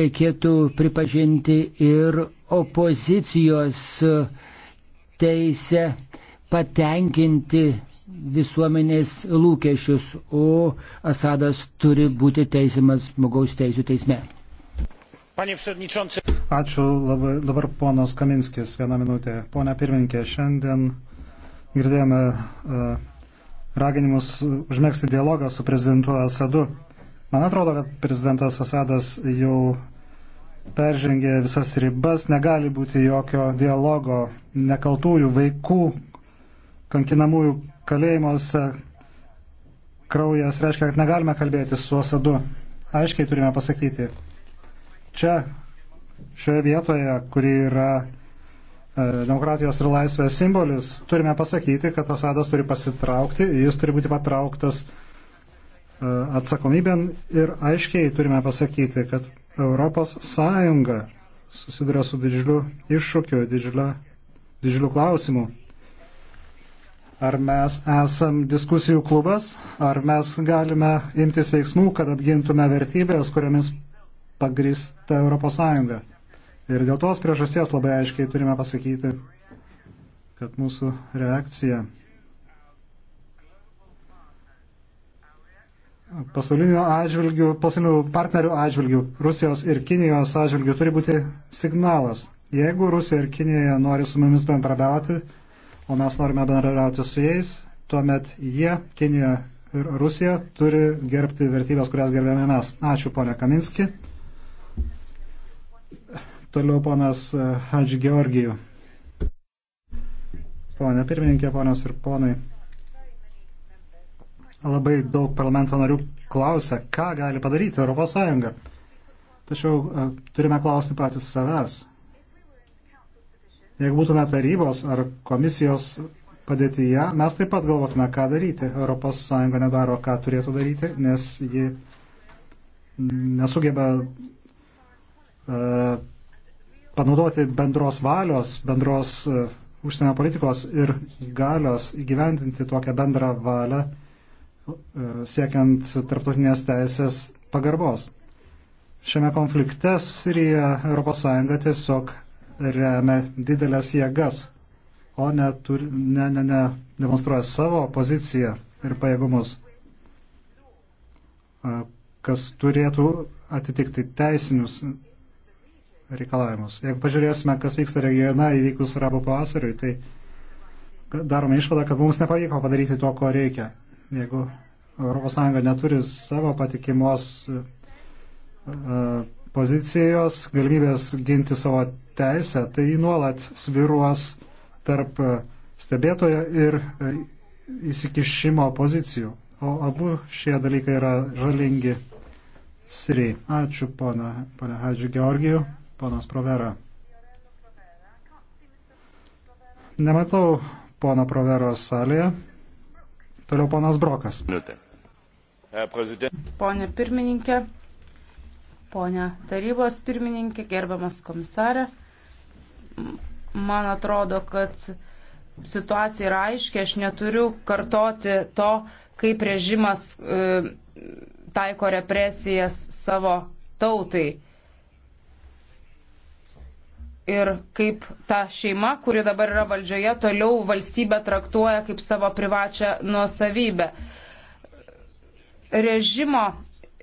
reikėtų pripažinti ir opozicijos teisę patenkinti visuomenės lūkesčius, o Asadas turi būti teisimas žmogaus teisų teisme. Ačiū labai. Dabar ponas Kaminskis, vieną minutę. Pone pirmininkė, šiandien girdėjome uh, raginimus užmėgsti dialogą su prezidentu Asadu. Man atrodo, kad prezidentas Asadas jau peržengė visas ribas, negali būti jokio dialogo nekaltųjų vaikų, kankinamųjų kalėjimuose kraujas reiškia, kad negalime kalbėti su Asadu. Aiškiai turime pasakyti. Čia, šioje vietoje, kuri yra e, demokratijos ir laisvės simbolis, turime pasakyti, kad Asadas turi pasitraukti, jis turi būti patrauktas e, atsakomybėn ir aiškiai turime pasakyti, kad Europos Sąjunga susiduria su didžiuliu iššūkiu, didžiuliu, didžiuliu klausimu. Ar mes esam diskusijų klubas, ar mes galime imtis veiksmų, kad apgintume vertybės, kuriamis pagrįsta ES. Ir dėl tos priežasties labai aiškiai turime pasakyti, kad mūsų reakcija pasaulinių atžvilgių, pasaulinių partnerių atžvilgių, Rusijos ir Kinijos atžvilgių turi būti signalas. Jeigu Rusija ir Kinija nori su mumis bendrabiauti, o mes norime bendradarbiauti su jais, tuomet jie, Kinija ir Rusija, turi gerbti vertybės, kurias gerbėme mes. Ačiū, ponia Kaminski. Toliau ponas e, Hadži Georgijų. Pone pirmininkė, ponios ir ponai, labai daug parlamento narių klausia, ką gali padaryti ES. Tačiau e, turime klausti patys savęs. Jeigu būtume tarybos ar komisijos padėtyje, mes taip pat galvotume, ką daryti. ES nedaro, ką turėtų daryti, nes ji nesugeba uh, panaudoti bendros valios, bendros uh, užsienio politikos ir galios įgyvendinti tokią bendrą valią e, siekiant tarptautinės teisės pagarbos. Šiame konflikte su Sirija ES tiesiog remia didelės jėgas, o ne, turi, ne, ne, ne demonstruoja savo poziciją ir pajėgumus, kas turėtų atitikti teisinius reikalavimus. Jeigu pažiūrėsime, kas vyksta regione įvykus arabų pavasariui, tai darome išvadą, kad mums nepavyko padaryti to, ko reikia. Jeigu ES neturi savo patikimos uh, pozicijos, galimybės ginti savo teisę, tai jį nuolat sviruos tarp stebėtojo ir e, įsikišimo pozicijų. O abu šie dalykai yra žalingi Sirijai. Ačiū, pana, pana Hadži Georgijų, ponas Provera. Nematau pono Proveros salėje. Toliau ponas Brokas. Pone pirmininkė, Pone tarybos pirmininkė, gerbiamas komisarė, man atrodo, kad situacija yra aiškia, aš neturiu kartoti to, kaip režimas e, taiko represijas savo tautai. Ir kaip ta šeima, kuri dabar yra valdžioje, toliau valstybę traktuoja kaip savo privačią nuosavybę. Režimo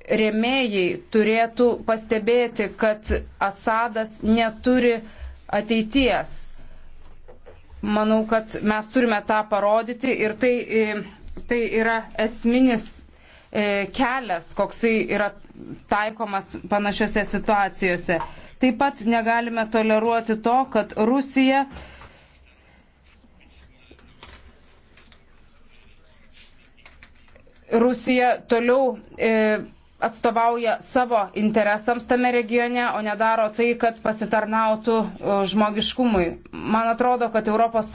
remėjai turėtų pastebėti, kad Asadas neturi ateities. Manau, kad mes turime tą parodyti ir tai, e, tai yra esminis e, kelias, koksai yra taikomas panašiose situacijose. Taip pat negalime toleruoti to, kad Rusija Rusija toliau e, atstovauja savo interesams tame regione, o nedaro tai, kad pasitarnautų e, žmogiškumui. Man atrodo, kad ES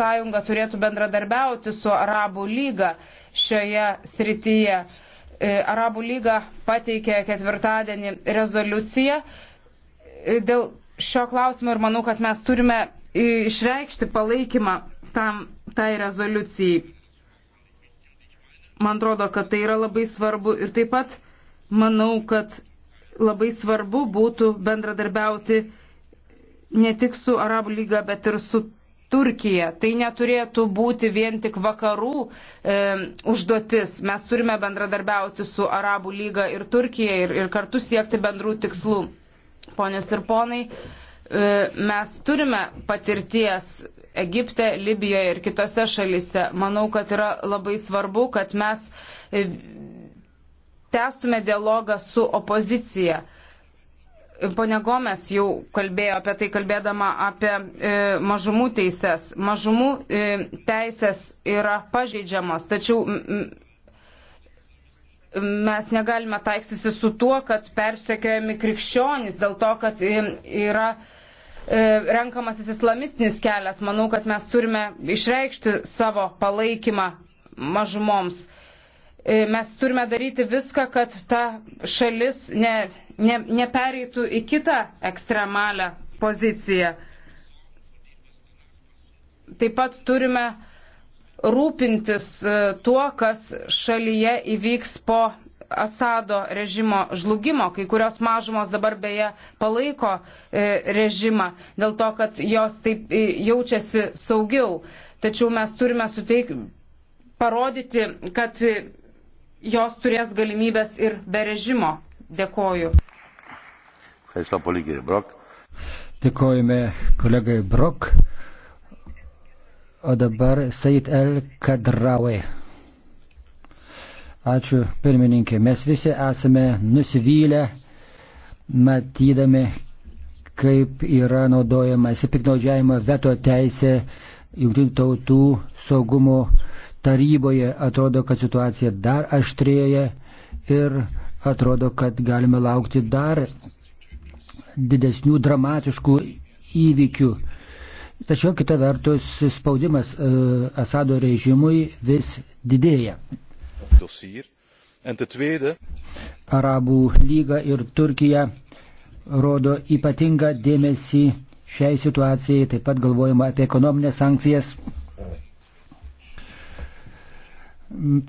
turėtų bendradarbiauti su Arabų lyga šioje srityje. E, Arabų lyga pateikė ketvirtadienį rezoliuciją e, dėl šio klausimo ir manau, kad mes turime išreikšti palaikymą tam, tai rezoliucijai. Man atrodo, kad tai yra labai svarbu ir taip pat manau, kad labai svarbu būtų bendradarbiauti ne tik su Arabų lyga, bet ir su Turkija. Tai neturėtų būti vien tik vakarų e, užduotis. Mes turime bendradarbiauti su Arabų lyga ir Turkija ir, ir kartu siekti bendrų tikslų. Ponios ir ponai, e, mes turime patirties Egipte, Libijoje ir kitose šalise. Manau, kad yra labai svarbu, kad mes. E, testume dialogą su opozicija. Pone Gomes jau kalbėjo apie tai, kalbėdama apie e, mažumų teises. Mažumų e, teises yra pažeidžiamos, tačiau m, mes negalime taiksisi su tuo, kad persekiojami krikščionys dėl to, kad e, yra e, renkamasis islamistinis kelias, manau, kad mes turime išreikšti savo palaikymą mažumoms. E, mes turime daryti viską, kad ta šalis ne, ne, nepereitų į kitą ekstremalią poziciją. Taip pat turime rūpintis e, tuo, kas šalyje įvyks po Asado režimo žlugimo. Kai kurios mažumos dabar beje palaiko e, režimą dėl to, kad jos taip jaučiasi saugiau. Tačiau mes turime suteikti, parodyti, kad jos turės galimybės ir be režimo. Dėkoju. Dėkojame kolegai Brok. O dabar Said El Kadraui. Ačiū pirmininkė. Mes visi esame nusivylę, matydami, kaip yra naudojama įsipiknaudžiavimo veto teisė jungtinių tautų saugumo taryboje atrodo, kad situacija dar aštrėja ir atrodo, kad galime laukti dar didesnių dramatiškų įvykių. Tačiau kita vertus spaudimas uh, Asado režimui vis didėja. Arabų lyga ir Turkija rodo ypatingą dėmesį šiai situacijai, taip pat galvojama apie ekonominės sankcijas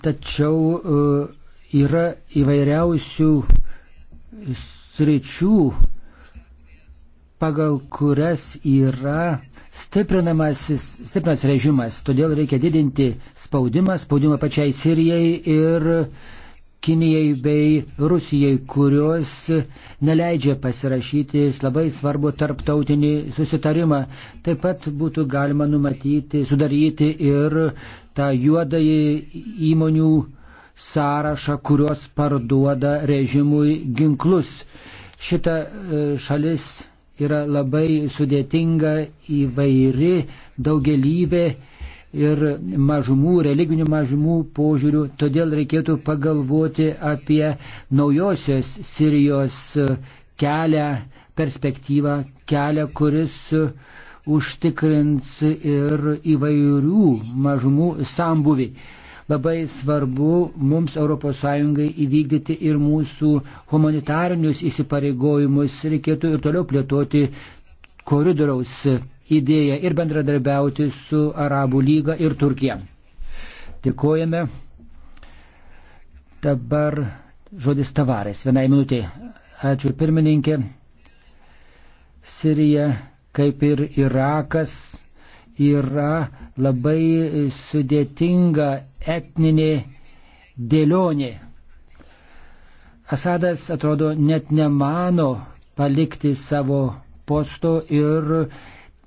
tačiau e, yra įvairiausių sričių, pagal kurias yra stiprinamas režimas. Todėl reikia didinti spaudimą, spaudimą pačiai Sirijai ir uh, Kinijai bei Rusijai, kurios neleidžia pasirašyti labai svarbu tarptautinį susitarimą. Taip pat būtų galima numatyti, sudaryti ir tą juodąjį įmonių sąrašą, kurios parduoda režimui ginklus. Šita e, šalis yra labai sudėtinga, įvairi, daugelybė ir mažumų, religinių mažumų požiūrių. Todėl reikėtų pagalvoti apie naujosios Sirijos e, kelią, perspektyvą, kelią, kuris e, užtikrins ir įvairių mažumų sambuvi labai svarbu mums ES įvykdyti ir mūsų humanitarinius įsipareigojimus. Reikėtų ir toliau plėtoti koridoriaus idėją ir bendradarbiauti su Arabų lyga ir Turkija. Dėkojame. Dabar žodis tavarės. Vienai minutė. Ačiū pirmininkė. Sirija, kaip ir Irakas, yra labai sudėtinga etninė dėlionė. Asadas atrodo net nemano palikti savo posto ir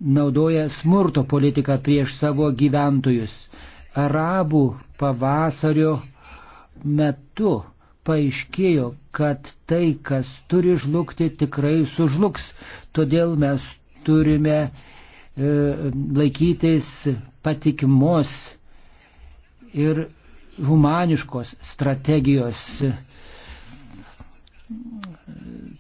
naudoja smurto politiką prieš savo gyventojus. Arabų pavasario metu paaiškėjo, kad tai, kas turi žlugti, tikrai sužlugs. Todėl mes turime e, laikytis patikimos ir humaniškos strategijos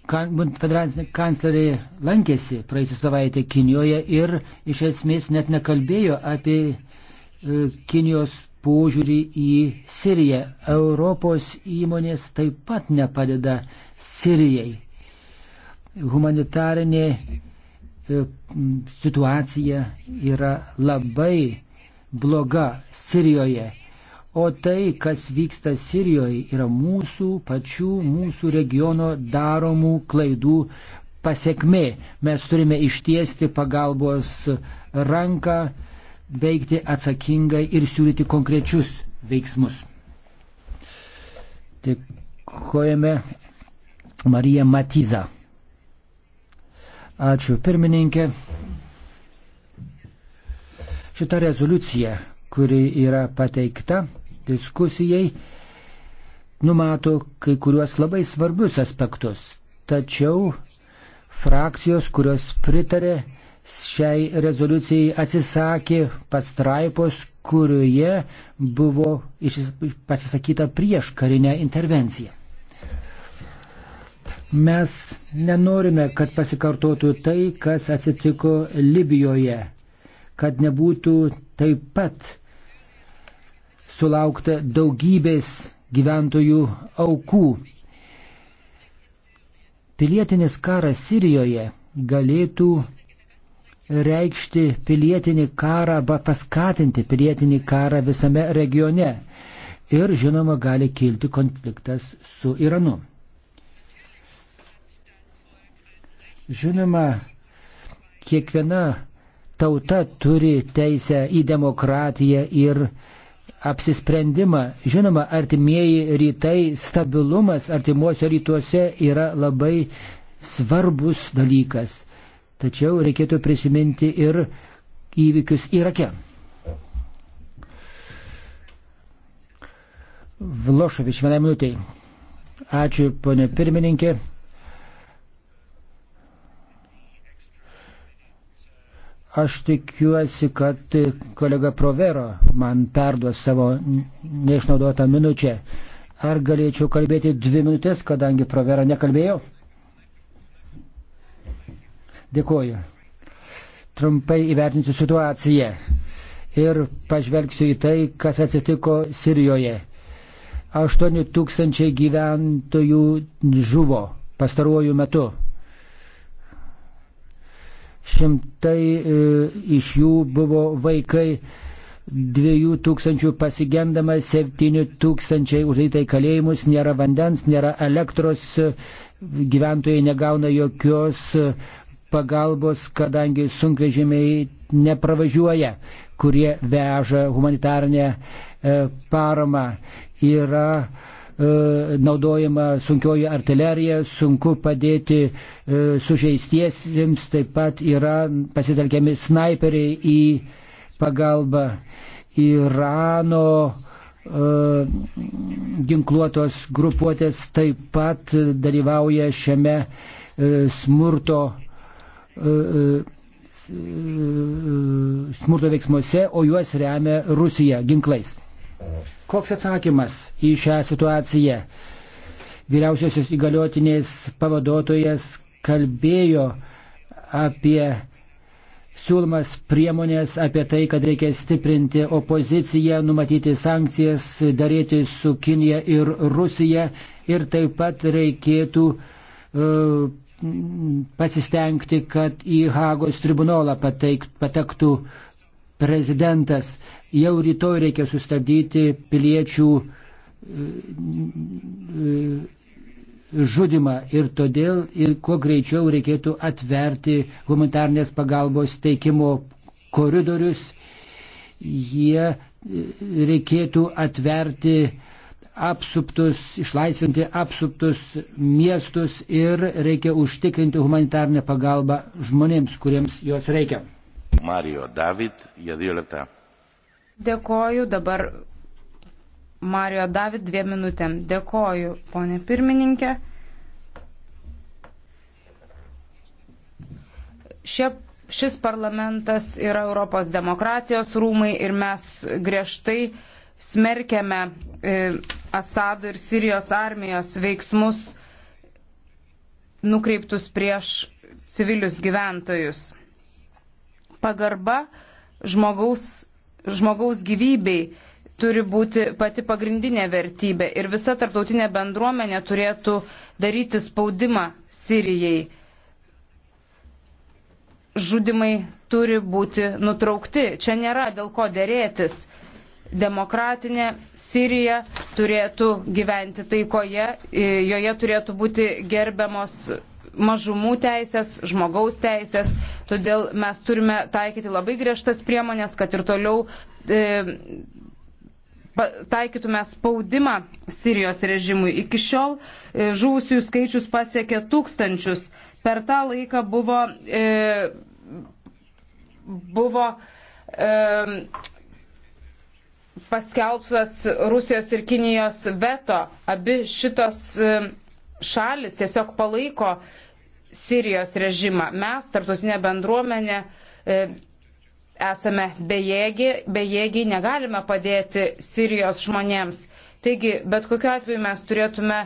federacinė kanclerė lankėsi praėjusią savaitę Kinijoje ir iš esmės net nekalbėjo apie e, Kinijos požiūrį į Siriją. Europos įmonės taip pat nepadeda Sirijai. Humanitarinė e, situacija yra labai bloga Sirijoje. O tai, kas vyksta Sirijoje, yra mūsų pačių, mūsų regiono daromų klaidų pasiekmė. Mes turime ištiesti pagalbos ranką, veikti atsakingai ir siūlyti konkrečius veiksmus. Tikojame Mariją Matizą. Ačiū pirmininkė. Šita rezoliucija, kuri yra pateikta, diskusijai numato kai kuriuos labai svarbius aspektus. Tačiau frakcijos, kurios pritarė šiai rezoliucijai, atsisakė pastraipos, kurioje buvo pasisakyta prieš karinę intervenciją. Mes nenorime, kad pasikartotų tai, kas atsitiko Libijoje, kad nebūtų taip pat sulaukta daugybės gyventojų aukų. Pilietinis karas Sirijoje galėtų reikšti pilietinį karą arba paskatinti pilietinį karą visame regione. Ir žinoma, gali kilti konfliktas su Iranu. Žinoma, kiekviena tauta turi teisę į demokratiją ir uh, apsisprendimą. Žinoma, artimieji rytai, stabilumas artimuose rytuose yra labai svarbus dalykas. Tačiau reikėtų prisiminti ir įvykius Irake. Vlošovič, vienai minutiai. Ačiū, ponė pirmininkė. Aš tikiuosi, kad kolega Provero man perduos savo neišnaudotą minučią. Ar galėčiau kalbėti dvi minutės, kadangi Provera nekalbėjo? Dėkuoju. Trumpai įvertinsiu situaciją ir pažvelgsiu į tai, kas atsitiko Sirijoje. 8 tūkstančiai gyventojų žuvo pastaruoju metu šimtai e, iš jų buvo vaikai, dviejų tūkstančių pasigendama, septyni tūkstančiai uždaitai kalėjimus, nėra vandens, nėra elektros, gyventojai negauna jokios pagalbos, kadangi sunkvežimiai nepravažiuoja, kurie veža humanitarnę e, paramą. Yra E, naudojama sunkioji artilerija, sunku padėti e, sužeistiesiems, taip pat yra pasitelkiami snaiperiai į pagalbą Irano e, ginkluotos grupuotės taip pat dalyvauja šiame smurto smurto veiksmuose, o juos remia Rusija ginklais. Koks atsakymas į šią situaciją? Vyriausiosios įgaliotinės pavaduotojas kalbėjo apie siūlomas priemonės, apie tai, kad reikia stiprinti opoziciją, numatyti sankcijas, daryti su Kinija ir Rusija ir taip pat reikėtų uh, pasistengti, kad į Hagos tribunolą pateik, patektų prezidentas. Jau rytoj reikia sustabdyti piliečių e, e, žudimą ir todėl ir kuo greičiau reikėtų atverti humanitarnės pagalbos teikimo koridorius. Jie e, reikėtų atverti apsuptus, išlaisvinti apsuptus miestus ir reikia užtikrinti humanitarnę pagalbą žmonėms, kuriems jos reikia. Mario David, jie dvi lepta. Dėkoju dabar Mario David dviem minutėm. Dėkoju, ponė pirmininkė. Šie, šis parlamentas yra Europos demokratijos rūmai ir mes griežtai smerkėme e, Asado ir Sirijos armijos veiksmus nukreiptus prieš civilius gyventojus. Pagarba žmogaus žmogaus gyvybei turi būti pati pagrindinė vertybė ir visa tarptautinė bendruomenė turėtų daryti spaudimą Sirijai. Žudimai turi būti nutraukti. Čia nėra dėl ko dėrėtis. Demokratinė Sirija turėtų gyventi taikoje, joje turėtų būti gerbiamos mažumų teisės, žmogaus teisės. Todėl mes turime taikyti labai griežtas priemonės, kad ir toliau e, taikytume spaudimą Sirijos režimui. Iki šiol e, žuvusių skaičius pasiekė tūkstančius. Per tą laiką buvo, e, buvo e, paskelbtas Rusijos ir Kinijos veto. Abi šitos e, šalis tiesiog palaiko Sirijos režimą. Mes, tarptautinė bendruomenė, e, esame bejėgiai, bejėgiai negalime padėti Sirijos žmonėms. Taigi, bet kokiu atveju mes turėtume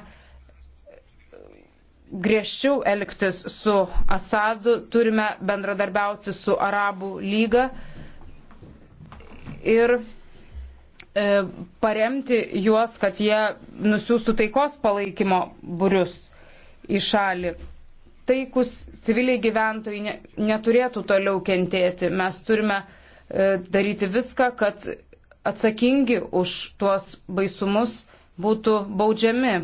griežčiau elgtis su Asadu, turime bendradarbiauti su Arabų lyga ir e, paremti juos, kad jie nusiųstų taikos palaikymo burius į šalį taikus civiliai gyventojai ne, neturėtų toliau kentėti. Mes turime e, daryti viską, kad atsakingi už tuos baisumus būtų baudžiami.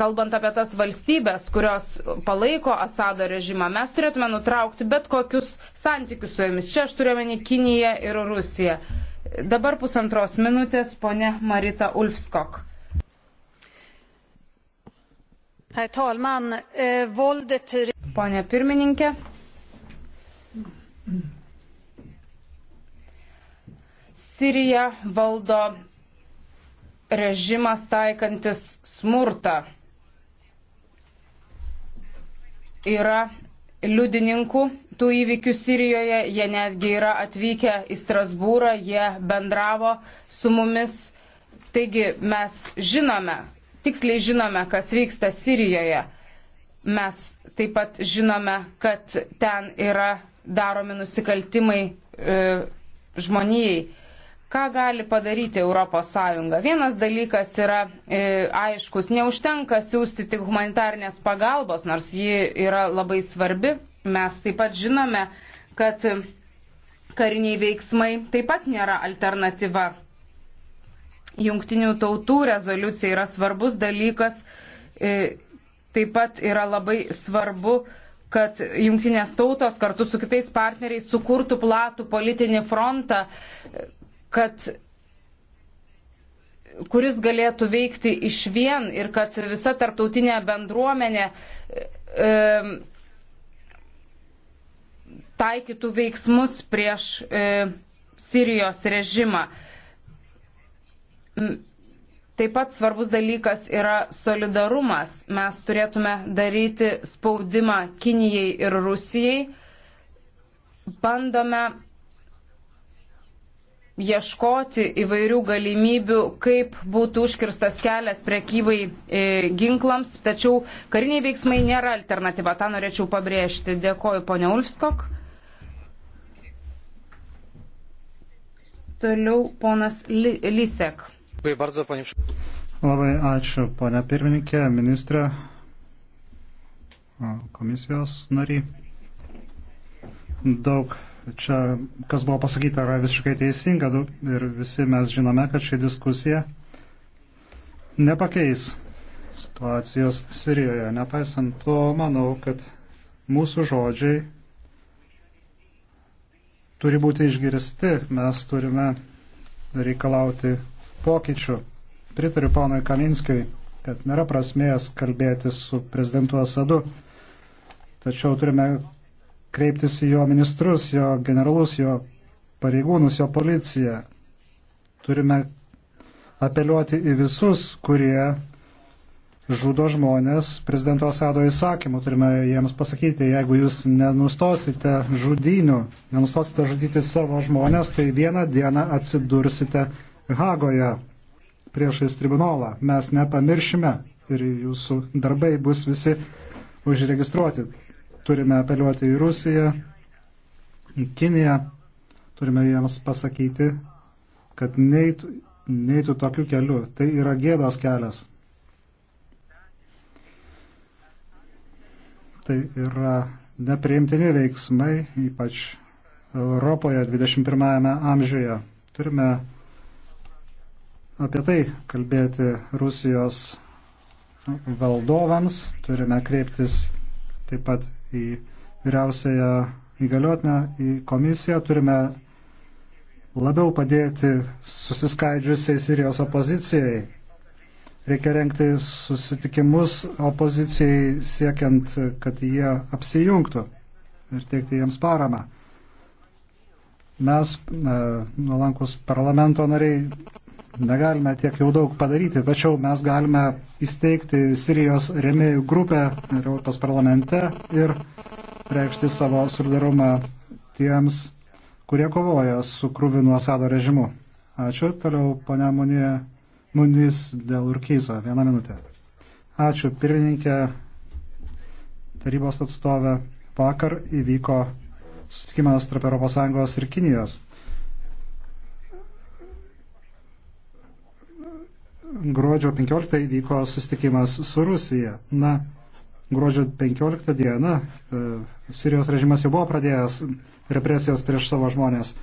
Kalbant apie tas valstybės, kurios palaiko Asado režimą, mes turėtume nutraukti bet kokius santykius su jomis. Čia aš turiuomenį Kiniją ir Rusiją. Dabar pusantros minutės ponė Marita Ulfskok. Eh, Pone pirmininkė. Siriją valdo režimas taikantis smurtą. Yra liudininkų tų įvykių Sirijoje, jie netgi yra atvykę į Strasbūrą, jie bendravo su mumis. Taigi mes žinome, tiksliai žinome, kas vyksta Sirijoje. Mes taip pat žinome, kad ten yra daromi nusikaltimai e, žmonijai. Ką gali padaryti ES? Vienas dalykas yra e, aiškus, neužtenka siūsti tik humanitarnės pagalbos, nors ji yra labai svarbi. Mes taip pat žinome, kad kariniai veiksmai taip pat nėra alternatyva jungtinių tautų rezoliucija yra svarbus dalykas. E, taip pat yra labai svarbu, kad jungtinės tautos kartu su kitais partneriais sukurtų platų politinį frontą, kad kuris galėtų veikti iš vien ir kad visa tarptautinė bendruomenė e, taikytų veiksmus prieš e, Sirijos režimą. E, Taip pat svarbus dalykas yra solidarumas. Mes turėtume daryti spaudimą Kinijai ir Rusijai. Bandome ieškoti įvairių galimybių, kaip būtų užkirstas kelias priekybai e, ginklams, tačiau kariniai veiksmai nėra alternatyva. Ta norėčiau pabrėžti. Dėkoju, ponia Ulfskok. Toliau ponas Lisek. Labai ačiū, ponia pirmininkė, ministrė, komisijos nariai. Daug čia, kas buvo pasakyta, yra visiškai teisinga ir visi mes žinome, kad ši diskusija nepakeis situacijos Sirijoje. Nepaisant to, manau, kad mūsų žodžiai turi būti išgirsti. Mes turime reikalauti pokyčių. Pritariu ponui Kaminskijui, kad nėra prasmės kalbėti su prezidentu Asadu, tačiau turime kreiptis į jo ministrus, jo generalus, jo pareigūnus, jo policiją. Turime apeliuoti į visus, kurie žudo žmonės prezidento Asado įsakymu. Turime jiems pasakyti, jeigu jūs nenustosite žudynių, nenustosite žudyti savo žmonės, tai vieną dieną atsidursite Hagoje priešais tribunolą. Mes nepamiršime ir jūsų darbai bus visi užregistruoti. Turime apeliuoti į Rusiją, į Kiniją, turime jiems pasakyti, kad neįtų, neįtų tokiu keliu. Tai yra gėdos kelias. Tai yra nepriimtini veiksmai, ypač Europoje 21 amžiuje. Turime apie tai kalbėti Rusijos valdovams. Turime kreiptis taip pat į vyriausiąją įgaliotinę, į komisiją. Turime labiau padėti susiskaidžiusiai Sirijos opozicijai. Reikia renkti susitikimus opozicijai siekiant, kad jie apsijungtų ir teikti jiems paramą. Mes, e, nuolankus parlamento nariai, negalime tiek jau daug padaryti, tačiau mes galime įsteigti Sirijos remėjų grupę Europos parlamente ir reikšti savo solidarumą tiems, kurie kovoja su krūvinu Asado režimu. Ačiū. Toliau ponia Munė Munis dėl Urkyza. Vieną minutę. Ačiū. Pirmininkė tarybos atstovė. Vakar įvyko susitikimas tarp ES ir Kinijos. gruodžio 15 vyko susitikimas su Rusija. Na, gruodžio 15 dieną e, Sirijos režimas jau buvo pradėjęs represijas prieš savo žmonės.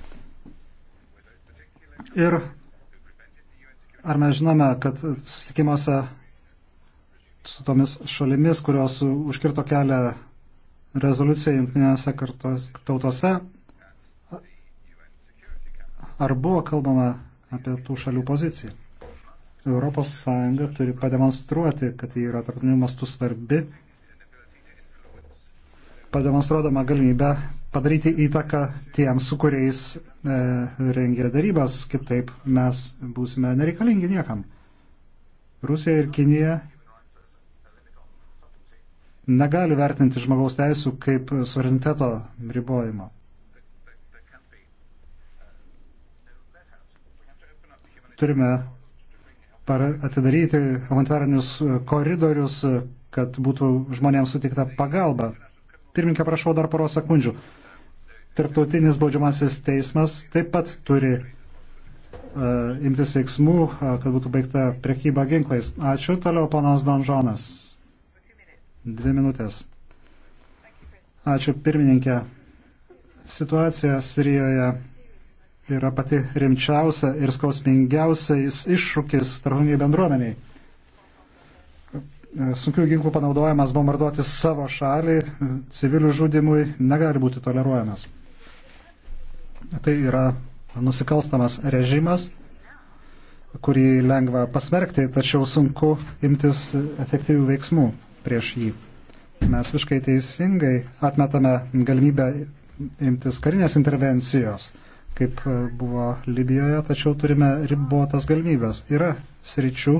Ir ar mes žinome, kad susitikimuose su tomis šalimis, kurios užkirto kelią rezoliuciją jungtinėse tautose, ar buvo kalbama apie tų šalių poziciją? ES turi pademonstruoti, kad ji yra tarptautiniu mastu svarbi, pademonstruodama galimybę padaryti įtaką tiems, su kuriais e, rengia darybas, kitaip mes būsime nereikalingi niekam. Rusija ir Kinija negali vertinti žmogaus teisų kaip suvereniteto ribojimo. Turime atidaryti humanitarinius e, koridorius, e, kad būtų žmonėms suteikta pagalba. Pirminkė, prašau dar poros sekundžių. Tarptautinis baudžiamasis teismas taip pat turi uh, imtis veiksmų, uh, kad būtų baigta priekyba ginklais. Ačiū. Toliau panas Donžonas. Dvi minutės. Ačiū pirmininkė. Situacija Sirijoje yra pati rimčiausia ir skausmingiausiais iššūkis tarptautiniai bendruomeniai. E, sunkių ginklų panaudojimas bombarduoti savo šalį e, civilių žudimui negali būti toleruojamas. Tai yra nusikalstamas režimas, kurį lengva pasmerkti, tačiau sunku imtis efektyvių veiksmų prieš jį. Mes visiškai teisingai atmetame galimybę imtis karinės intervencijos kaip e, buvo Libijoje, tačiau turime ribotas galimybės. Yra sričių,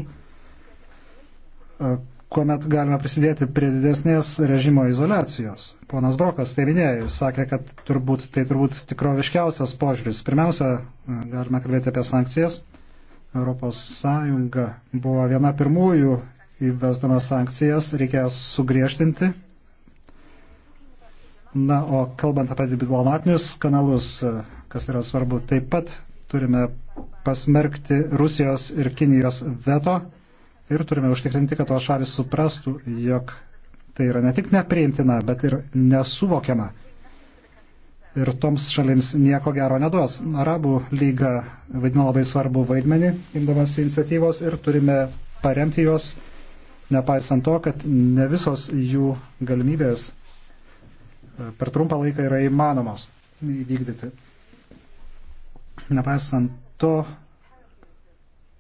e, kuomet galime prisidėti prie didesnės režimo izolacijos. Ponas Brokas tai minėjo, jis sakė, kad turbūt, tai turbūt tikroviškiausias požiūris. Pirmiausia, e, galime kalbėti apie sankcijas. Europos Sąjunga buvo viena pirmųjų įvesdama sankcijas, reikėjo sugriežtinti. Na, o kalbant apie diplomatinius kanalus, kas yra svarbu. Taip pat turime pasmerkti Rusijos ir Kinijos veto ir turime užtikrinti, kad tos šalis suprastų, jog tai yra ne tik nepriimtina, bet ir nesuvokiama. Ir toms šalims nieko gero neduos. Arabų lyga vaidina labai svarbu vaidmenį, imdamas iniciatyvos ir turime paremti juos, nepaisant to, kad ne visos jų galimybės e, per trumpą laiką yra įmanomos įvykdyti. Nepaisant to,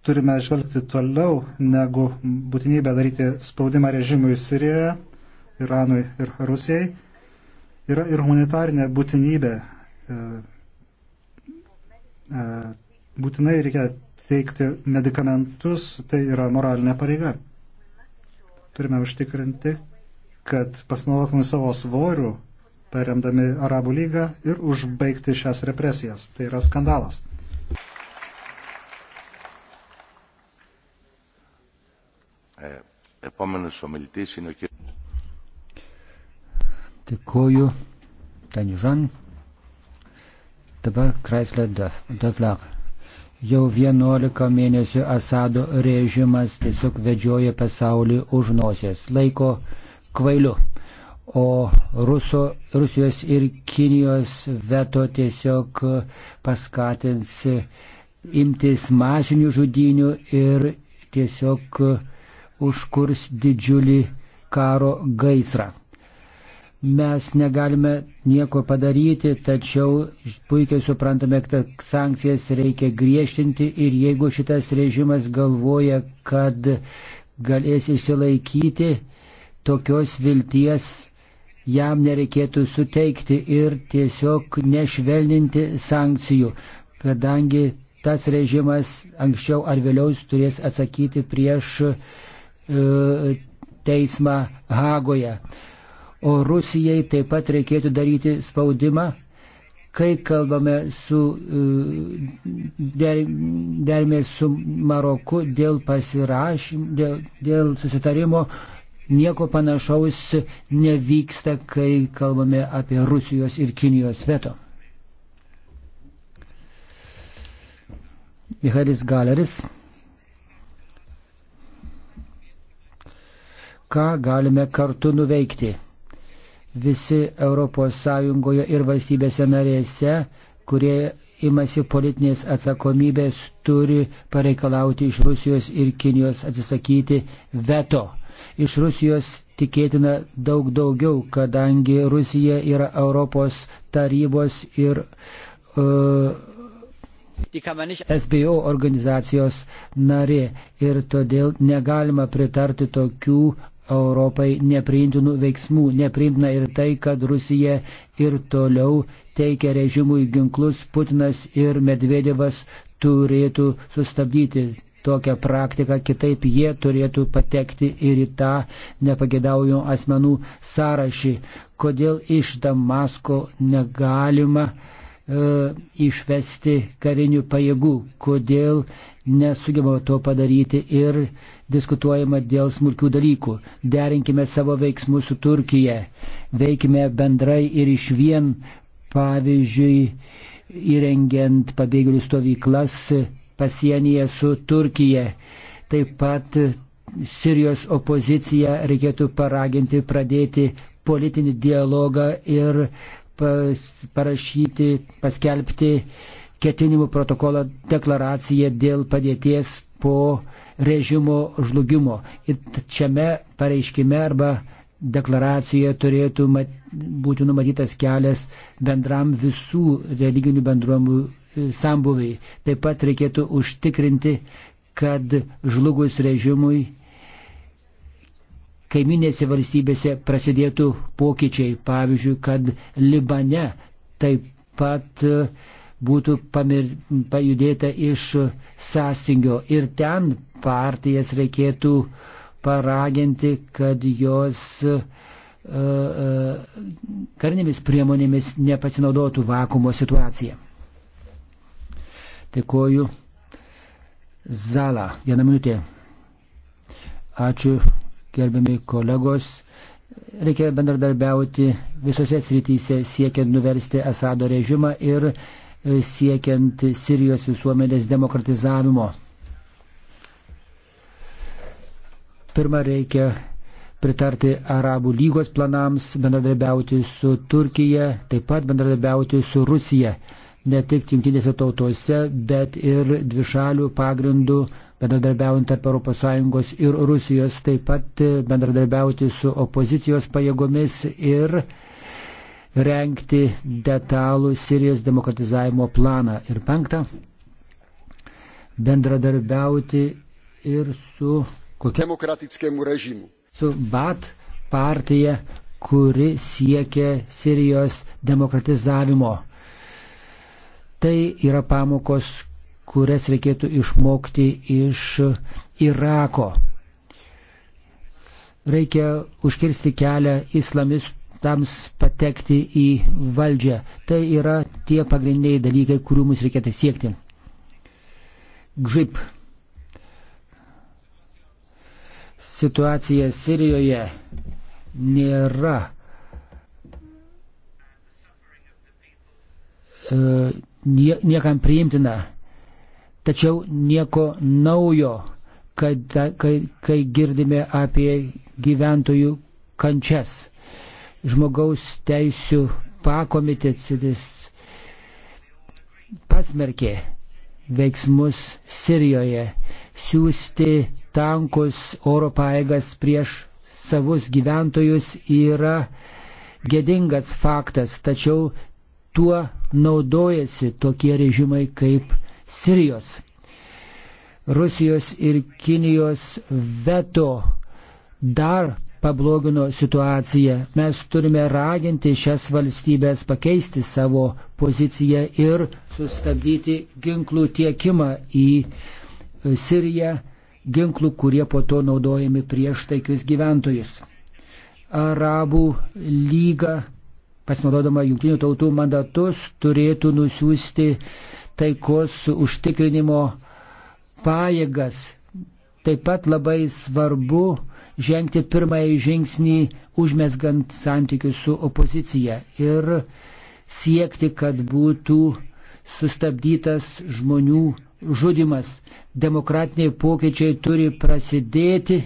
turime žvelgti toliau negu būtinybė daryti spaudimą režimui Sirijoje, Iranui ir Rusijai. Yra ir humanitarinė būtinybė. E, e, būtinai reikia teikti medikamentus, tai yra moralinė pareiga. Turime užtikrinti, kad pasinaudotume savo svorių paremdami Arabų lygą ir užbaigti šias represijas. Tai yra skandalas. Eh, Dėkoju, Tanižan. Dabar Kreislė Dovlak. Jau 11 mėnesių Asado režimas tiesiog vedžioja pasaulį už nosies. Laiko kvailu o Ruso, Rusijos ir Kinijos veto tiesiog paskatins imtis masinių žudynių ir tiesiog užkurs didžiulį karo gaisrą. Mes negalime nieko padaryti, tačiau puikiai suprantame, kad sankcijas reikia griežtinti ir jeigu šitas režimas galvoja, kad galės išsilaikyti, tokios vilties jam nereikėtų suteikti ir tiesiog nešvelninti sankcijų, kadangi tas režimas anksčiau ar vėliau turės atsakyti prieš e, teismą Hagoje. O Rusijai taip pat reikėtų daryti spaudimą, kai kalbame su, e, der, dermės su Maroku dėl pasirašym, dėl, dėl susitarimo Nieko panašaus nevyksta, kai kalbame apie Rusijos ir Kinijos veto. Michaelis Galeris. Ką galime kartu nuveikti? Visi ES ir valstybėse narėse, kurie imasi politinės atsakomybės, turi pareikalauti iš Rusijos ir Kinijos atsisakyti veto iš Rusijos tikėtina daug daugiau, kadangi Rusija yra Europos tarybos ir uh, e, SBO organizacijos narė ir todėl negalima pritarti tokių Europai nepriimtinų veiksmų. Nepriimtina ir tai, kad Rusija ir toliau teikia režimui ginklus, Putinas ir Medvedevas turėtų sustabdyti tokią praktiką, kitaip jie turėtų patekti ir į tą nepagėdaujų asmenų sąrašį. Kodėl iš Damasko negalima e, išvesti karinių pajėgų, kodėl nesugebama to padaryti ir diskutuojama dėl smulkių dalykų. Derinkime savo veiksmus su Turkija, veikime bendrai ir iš vien, pavyzdžiui, įrengiant pabėgėlių stovyklas pasienyje su Turkija. Taip pat Sirijos opoziciją reikėtų paraginti pradėti politinį dialogą ir parašyti, paskelbti ketinimų protokolo deklaraciją dėl padėties po režimo žlugimo. Ir šiame pareiškime arba deklaracijoje turėtų mat, būti numatytas kelias bendram visų religinių bendruomenių sambuviai. Taip pat reikėtų užtikrinti, kad žlugus režimui kaiminėse valstybėse prasidėtų pokyčiai. Pavyzdžiui, kad Libane taip pat e, būtų pamir, pajudėta iš sąstingio ir ten partijas reikėtų paraginti, kad jos uh, uh, karinėmis priemonėmis nepasinaudotų vakumo situaciją. Dėkuoju. Zala, vieną minutę. Ačiū, gerbiami kolegos. Reikia bendradarbiauti visose srityse, siekiant nuversti Asado režimą ir e, siekiant Sirijos visuomenės demokratizavimo. Pirma, reikia pritarti Arabų lygos planams, bendradarbiauti su Turkija, taip pat bendradarbiauti su Rusija ne tik jungtinėse tautose, bet ir dvišalių pagrindų bendradarbiaujant tarp ES ir Rusijos, taip pat bendradarbiauti su opozicijos pajėgomis ir renkti detalų Sirijos demokratizavimo planą. Ir penktą, bendradarbiauti ir su kokia demokratiskėmų režimų. Su BAT partija, kuri siekia Sirijos demokratizavimo Tai yra pamokos, kurias reikėtų išmokti iš Irako. Reikia užkirsti kelią islamistams patekti į valdžią. Tai yra tie pagrindiniai dalykai, kurių mums reikėtų siekti. Gžip. Situacija Sirijoje nėra. E, nie, niekam priimtina. Tačiau nieko naujo, kad, kai, kai girdime apie gyventojų kančias. Žmogaus teisų pakomitėtis pasmerkė veiksmus Sirijoje, siūsti tankus oro paėgas prieš savus gyventojus yra gėdingas faktas, tačiau tuo naudojasi tokie režimai kaip Sirijos. Rusijos ir Kinijos veto dar pablogino situaciją. Mes turime raginti šias valstybės pakeisti savo poziciją ir sustabdyti ginklų tiekimą į Siriją, ginklų, kurie po to naudojami prieš taikius gyventojus. Arabų lyga pasinaudodama jungtinių tautų mandatus, turėtų nusiųsti taikos užtikrinimo pajėgas. Taip pat labai svarbu žengti pirmąjį žingsnį užmesgant santykius su opozicija ir siekti, kad būtų sustabdytas žmonių žudimas. Demokratiniai pokyčiai turi prasidėti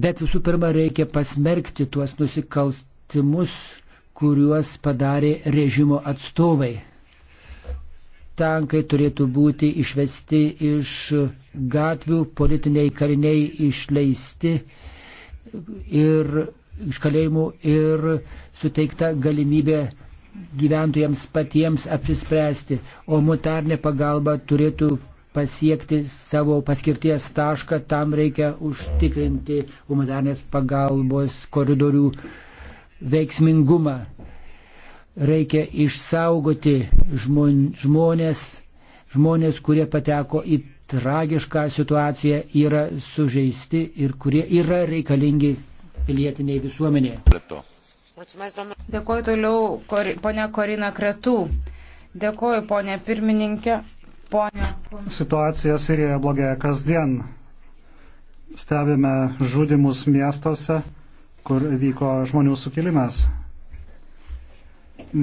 Bet visų pirma reikia pasmerkti tuos nusikaltimus, kuriuos padarė režimo atstovai. Tankai turėtų būti išvesti iš gatvių, politiniai kariniai išleisti ir iš kalėjimų ir suteikta galimybė gyventojams patiems apsispręsti, o mutarnė pagalba turėtų pasiekti savo paskirties tašką, tam reikia užtikrinti humanitarnės pagalbos koridorių veiksmingumą. Reikia išsaugoti žmonės, žmonės, kurie pateko į tragišką situaciją, yra sužeisti ir kurie yra reikalingi pilietiniai visuomenėje. Dėkuoju toliau, kor, ponia Korina Kretų. Dėkuoju, ponia pirmininkė. Pone. Situacija Sirijoje blogėja kasdien. Stebime žudimus miestuose, kur vyko žmonių sukilimas.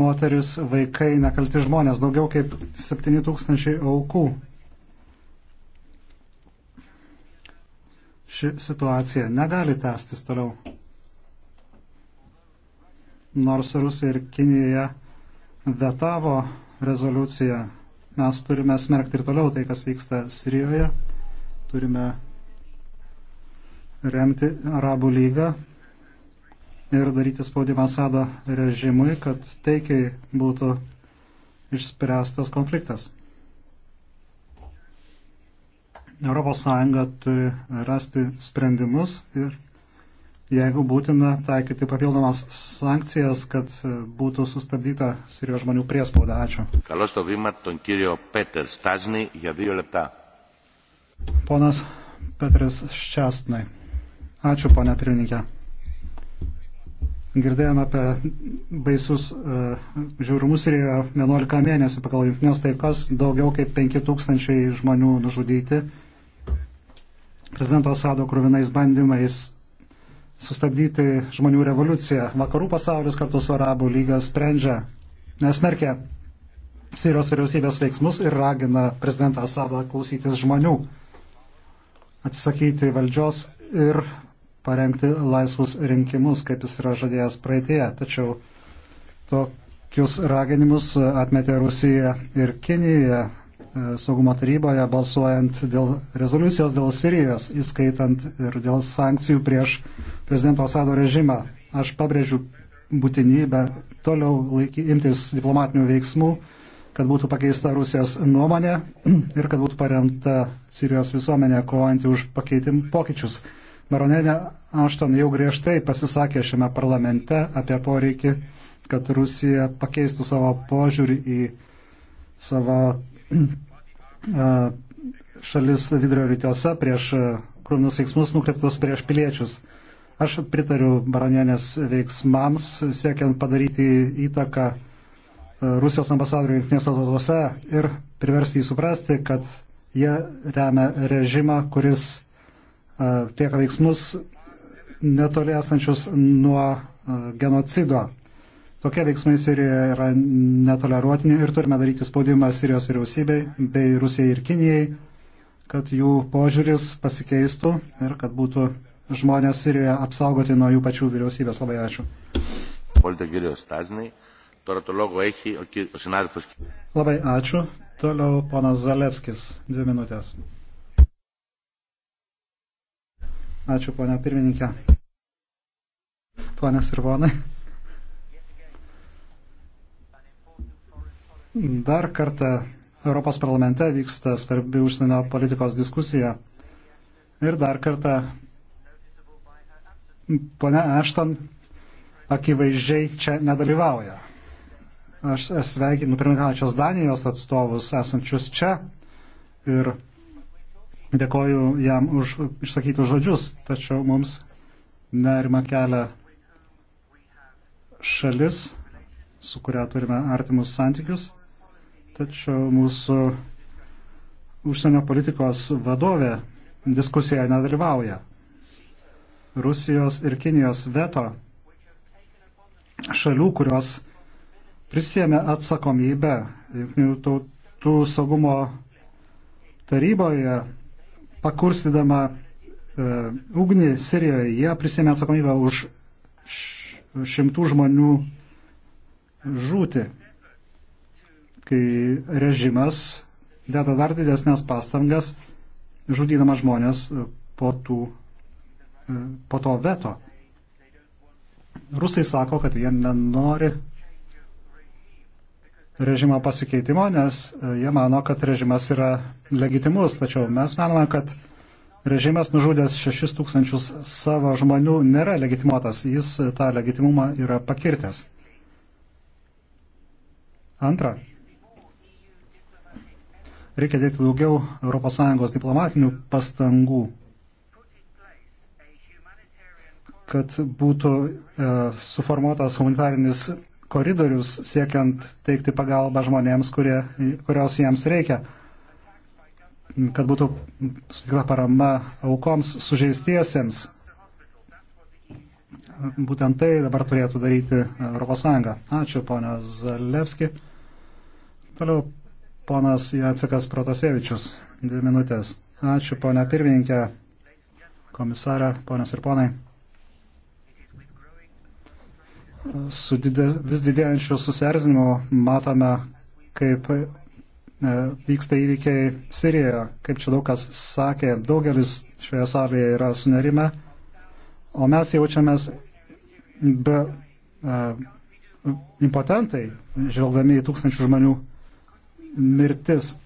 Moteris, vaikai, nekalti žmonės, daugiau kaip 7000 aukų. Ši situacija negali tęstis toliau. Nors Rusija ir Kinija vetavo rezoliuciją Mes turime smerkti ir toliau tai, kas vyksta Sirijoje. Turime remti Arabų lygą ir daryti spaudimą Asado režimui, kad taikiai būtų išspręstas konfliktas. ES turi rasti sprendimus ir jeigu būtina taikyti papildomas sankcijas, kad e, būtų sustabdyta Sirijos žmonių priespauda. Ačiū. Kalos to vyma ton kirio Peter Stasny, ja dviejų lepta. Ponas Petris Ščiastnai. Ačiū, ponia pirmininkė. Girdėjome apie baisus uh, e, žiaurumus Sirijoje 11 mėnesių pagal jungtinės taikas, daugiau kaip 5000 žmonių nužudyti. Prezidento Asado krūvinais bandymais sustabdyti žmonių revoliuciją. Vakarų pasaulis kartu su Arabų lyga sprendžia, nesmerkia Sirijos vyriausybės veiksmus ir ragina prezidentą Asadą klausytis žmonių, atsisakyti valdžios ir parengti laisvus rinkimus, kaip jis yra žadėjęs praeitie. Tačiau tokius raginimus atmetė Rusija ir Kinija, E, saugumo taryboje balsuojant dėl rezoliucijos dėl Sirijos, įskaitant ir dėl sankcijų prieš prezidento Asado režimą. Aš pabrėžiu būtinybę toliau laiky, imtis diplomatinių veiksmų, kad būtų pakeista Rusijos nuomonė ir kad būtų paremta Sirijos visuomenė kovojanti už pakeitim pokyčius. Baronelė Ašton jau griežtai pasisakė šiame parlamente apie poreikį, kad Rusija pakeistų savo požiūrį į savo šalis vidurio rytiuose prieš krūminus veiksmus nukreiptus prieš piliečius. Aš pritariu baronienės veiksmams, siekiant padaryti įtaką Rusijos ambasadoriui Junktinėse tautose ir priversti jį suprasti, kad jie remia režimą, kuris tieka veiksmus netoli esančius nuo genocido. Tokie veiksmai Sirijoje yra netoleruotini ir turime daryti spaudimą Sirijos vyriausybei bei Rusijai ir Kinijai, kad jų požiūris pasikeistų ir kad būtų žmonės Sirijoje apsaugoti nuo jų pačių vyriausybės. Labai ačiū. Labai ačiū. Toliau ponas Zalevskis. Dvi minutės. Ačiū, ponia pirmininkė. Ponas ir ponai. Dar kartą Europos parlamente vyksta svarbi užsienio politikos diskusija. Ir dar kartą pane Ashton akivaizdžiai čia nedalyvauja. Aš sveikinu pirmininkaujančios Danijos atstovus esančius čia ir dėkoju jam už išsakytų žodžius, tačiau mums nerima kelia šalis, su kuria turime artimus santykius tačiau mūsų užsienio politikos vadovė diskusijoje nedalyvauja. Rusijos ir Kinijos veto šalių, kurios prisėmė atsakomybę Junktinių tautų saugumo taryboje, pakurstydama e, ugnį Sirijoje, jie prisėmė atsakomybę už šimtų žmonių žūti kai režimas deda dar didesnės pastangas, žudydama žmonės e, po, tų, e, po to veto. Rusai sako, kad jie nenori režimo pasikeitimo, nes e, jie mano, kad režimas yra legitimus, tačiau mes manome, kad režimas nužudęs 6 tūkstančius savo žmonių nėra legitimuotas, jis tą legitimumą yra pakirtęs. Antra, Reikia dėti daugiau ES diplomatinių pastangų, kad būtų e, suformuotas humanitarinis koridorius siekiant teikti pagalbą žmonėms, kurie, kurios jiems reikia, kad būtų sutikta parama aukoms sužeistiesiems. Būtent tai dabar turėtų daryti ES. Ačiū, ponia Zalevski. Toliau Ponas Jacekas Protasevičius, dvi minutės. Ačiū, ponia pirmininkė, komisarė, ponios ir ponai. Su didė, vis didėjančiu susierzinimu matome, kaip e, vyksta įvykiai Sirijoje. Kaip čia daug kas sakė, daugelis šioje salėje yra sunerime, o mes jaučiamės be, e, impotentai, žvelgdami į tūkstančių žmonių mirtis.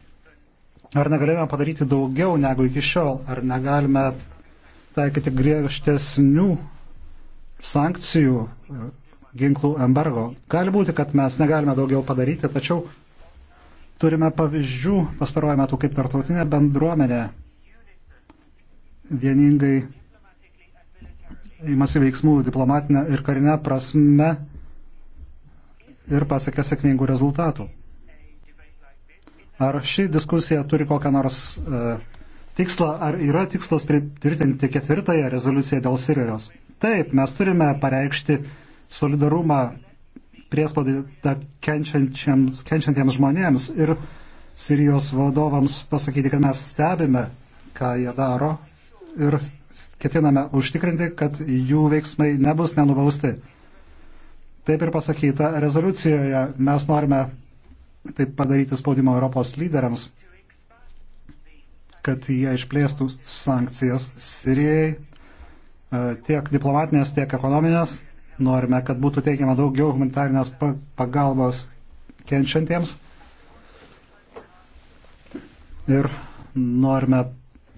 Ar negalime padaryti daugiau negu iki šiol? Ar negalime taikyti griežtesnių sankcijų e, ginklų embargo? Gali būti, kad mes negalime daugiau padaryti, tačiau turime pavyzdžių pastaruoju metu, kaip tartautinė bendruomenė vieningai įmasi veiksmų diplomatinę ir karinę prasme ir pasiekė sėkmingų rezultatų. Ar ši diskusija turi kokią nors uh, tikslą, ar yra tikslas pritvirtinti ketvirtąją rezoliuciją dėl Sirijos? Taip, mes turime pareikšti solidarumą priespaudą kenčiantiems žmonėms ir Sirijos vadovams pasakyti, kad mes stebime, ką jie daro ir ketiname užtikrinti, kad jų veiksmai nebus nenubausti. Taip ir pasakyta rezoliucijoje, mes norime taip padaryti spaudimą Europos lyderiams, kad jie išplėstų sankcijas Sirijai, e, tiek diplomatinės, tiek ekonominės. Norime, kad būtų teikiama daugiau humanitarinės pagalbos kenčiantiems. Ir norime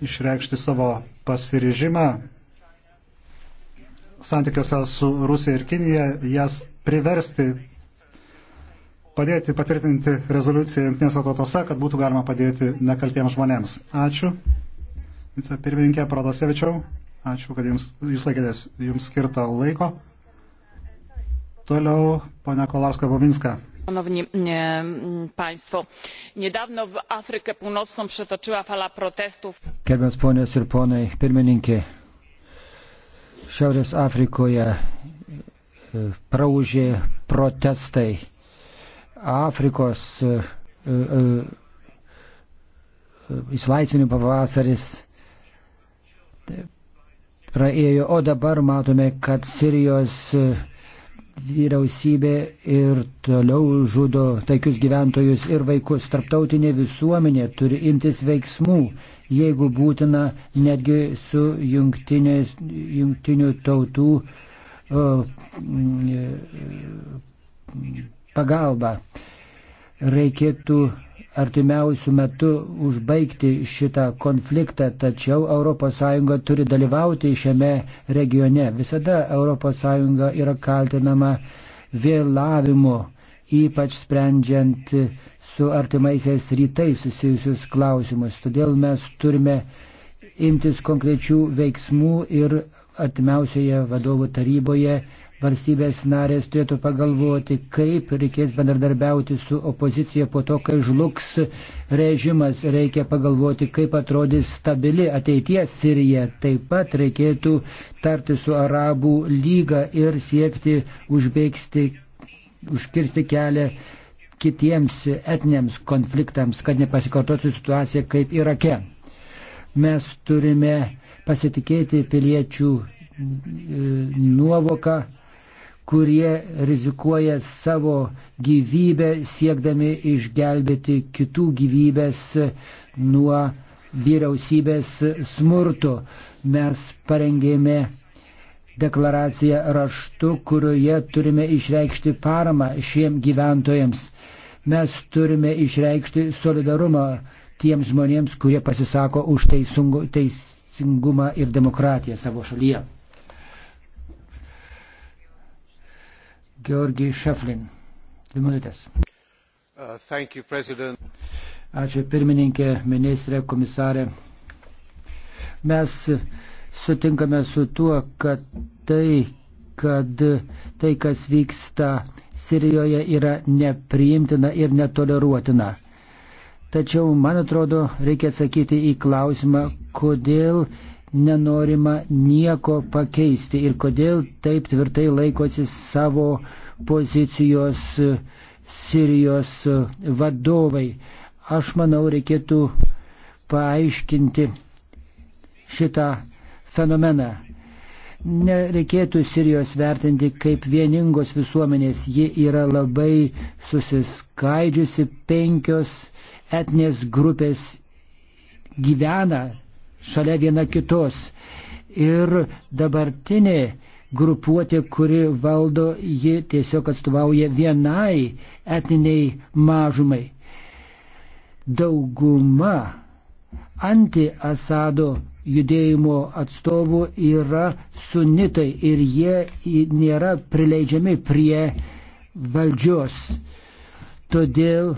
išreikšti savo pasirižimą santykiuose su Rusija ir Kinija, jas priversti padėti patvirtinti rezoliuciją jungtinėse tautose, kad būtų galima padėti nekaltiems žmonėms. Ačiū. Vicepirmininkė Prodasevičiau, ačiū, kad jums, jūs laikėtės jums skirto laiko. Toliau ponia Kolarska Bobinska. Szanowni e, Państwo, niedawno w Afrykę Północną przetoczyła fala protestów. Gerbiamas ponios ir ponai, pirmininkė, Šiaurės Afrikoje e, praužė protestai Afrikos e, e, e, išlaisvinimo pavasaris praėjo, o dabar matome, kad Sirijos vyriausybė ir toliau žudo taikius gyventojus ir vaikus. Tarptautinė visuomenė turi imtis veiksmų, jeigu būtina, netgi su jungtinių tautų o, m, m, pagalba. Reikėtų artimiausių metų užbaigti šitą konfliktą, tačiau ES turi dalyvauti šiame regione. Visada ES yra kaltinama vėlavimu, ypač sprendžiant su artimaisiais rytais susijusius klausimus. Todėl mes turime imtis konkrečių veiksmų ir artimiausioje vadovų taryboje valstybės narės turėtų pagalvoti, kaip reikės bendradarbiauti su opozicija po to, kai žlugs režimas. Reikia pagalvoti, kaip atrodys stabili ateities Sirija. Taip pat reikėtų tarti su Arabų lyga ir siekti užbėgsti, užkirsti kelią kitiems etiniams konfliktams, kad nepasikartotų situacija kaip Irake. Mes turime pasitikėti piliečių e, nuovoką kurie rizikuoja savo gyvybę siekdami išgelbėti kitų gyvybės nuo vyriausybės smurto. Mes parengėme deklaraciją raštu, kurioje turime išreikšti paramą šiem gyventojams. Mes turime išreikšti solidarumą tiems žmonėms, kurie pasisako už teisingumą ir demokratiją savo šalyje. Georgi Šeflin. Dvi minutės. Uh, you, President. Ačiū pirmininkė, ministrė, komisarė. Mes sutinkame su tuo, kad tai, kad tai, kas vyksta Sirijoje, yra nepriimtina ir netoleruotina. Tačiau, man atrodo, reikia atsakyti į klausimą, kodėl nenorima nieko pakeisti ir kodėl taip tvirtai laikosi savo pozicijos Sirijos vadovai. Aš manau, reikėtų paaiškinti šitą fenomeną. Nereikėtų Sirijos vertinti kaip vieningos visuomenės. Ji yra labai susiskaidžiusi, penkios etnės grupės gyvena šalia viena kitos. Ir dabartinė grupuotė, kuri valdo, ji tiesiog atstovauja vienai etniniai mažumai. Dauguma anti-Asado judėjimo atstovų yra sunitai ir jie nėra prileidžiami prie valdžios. Todėl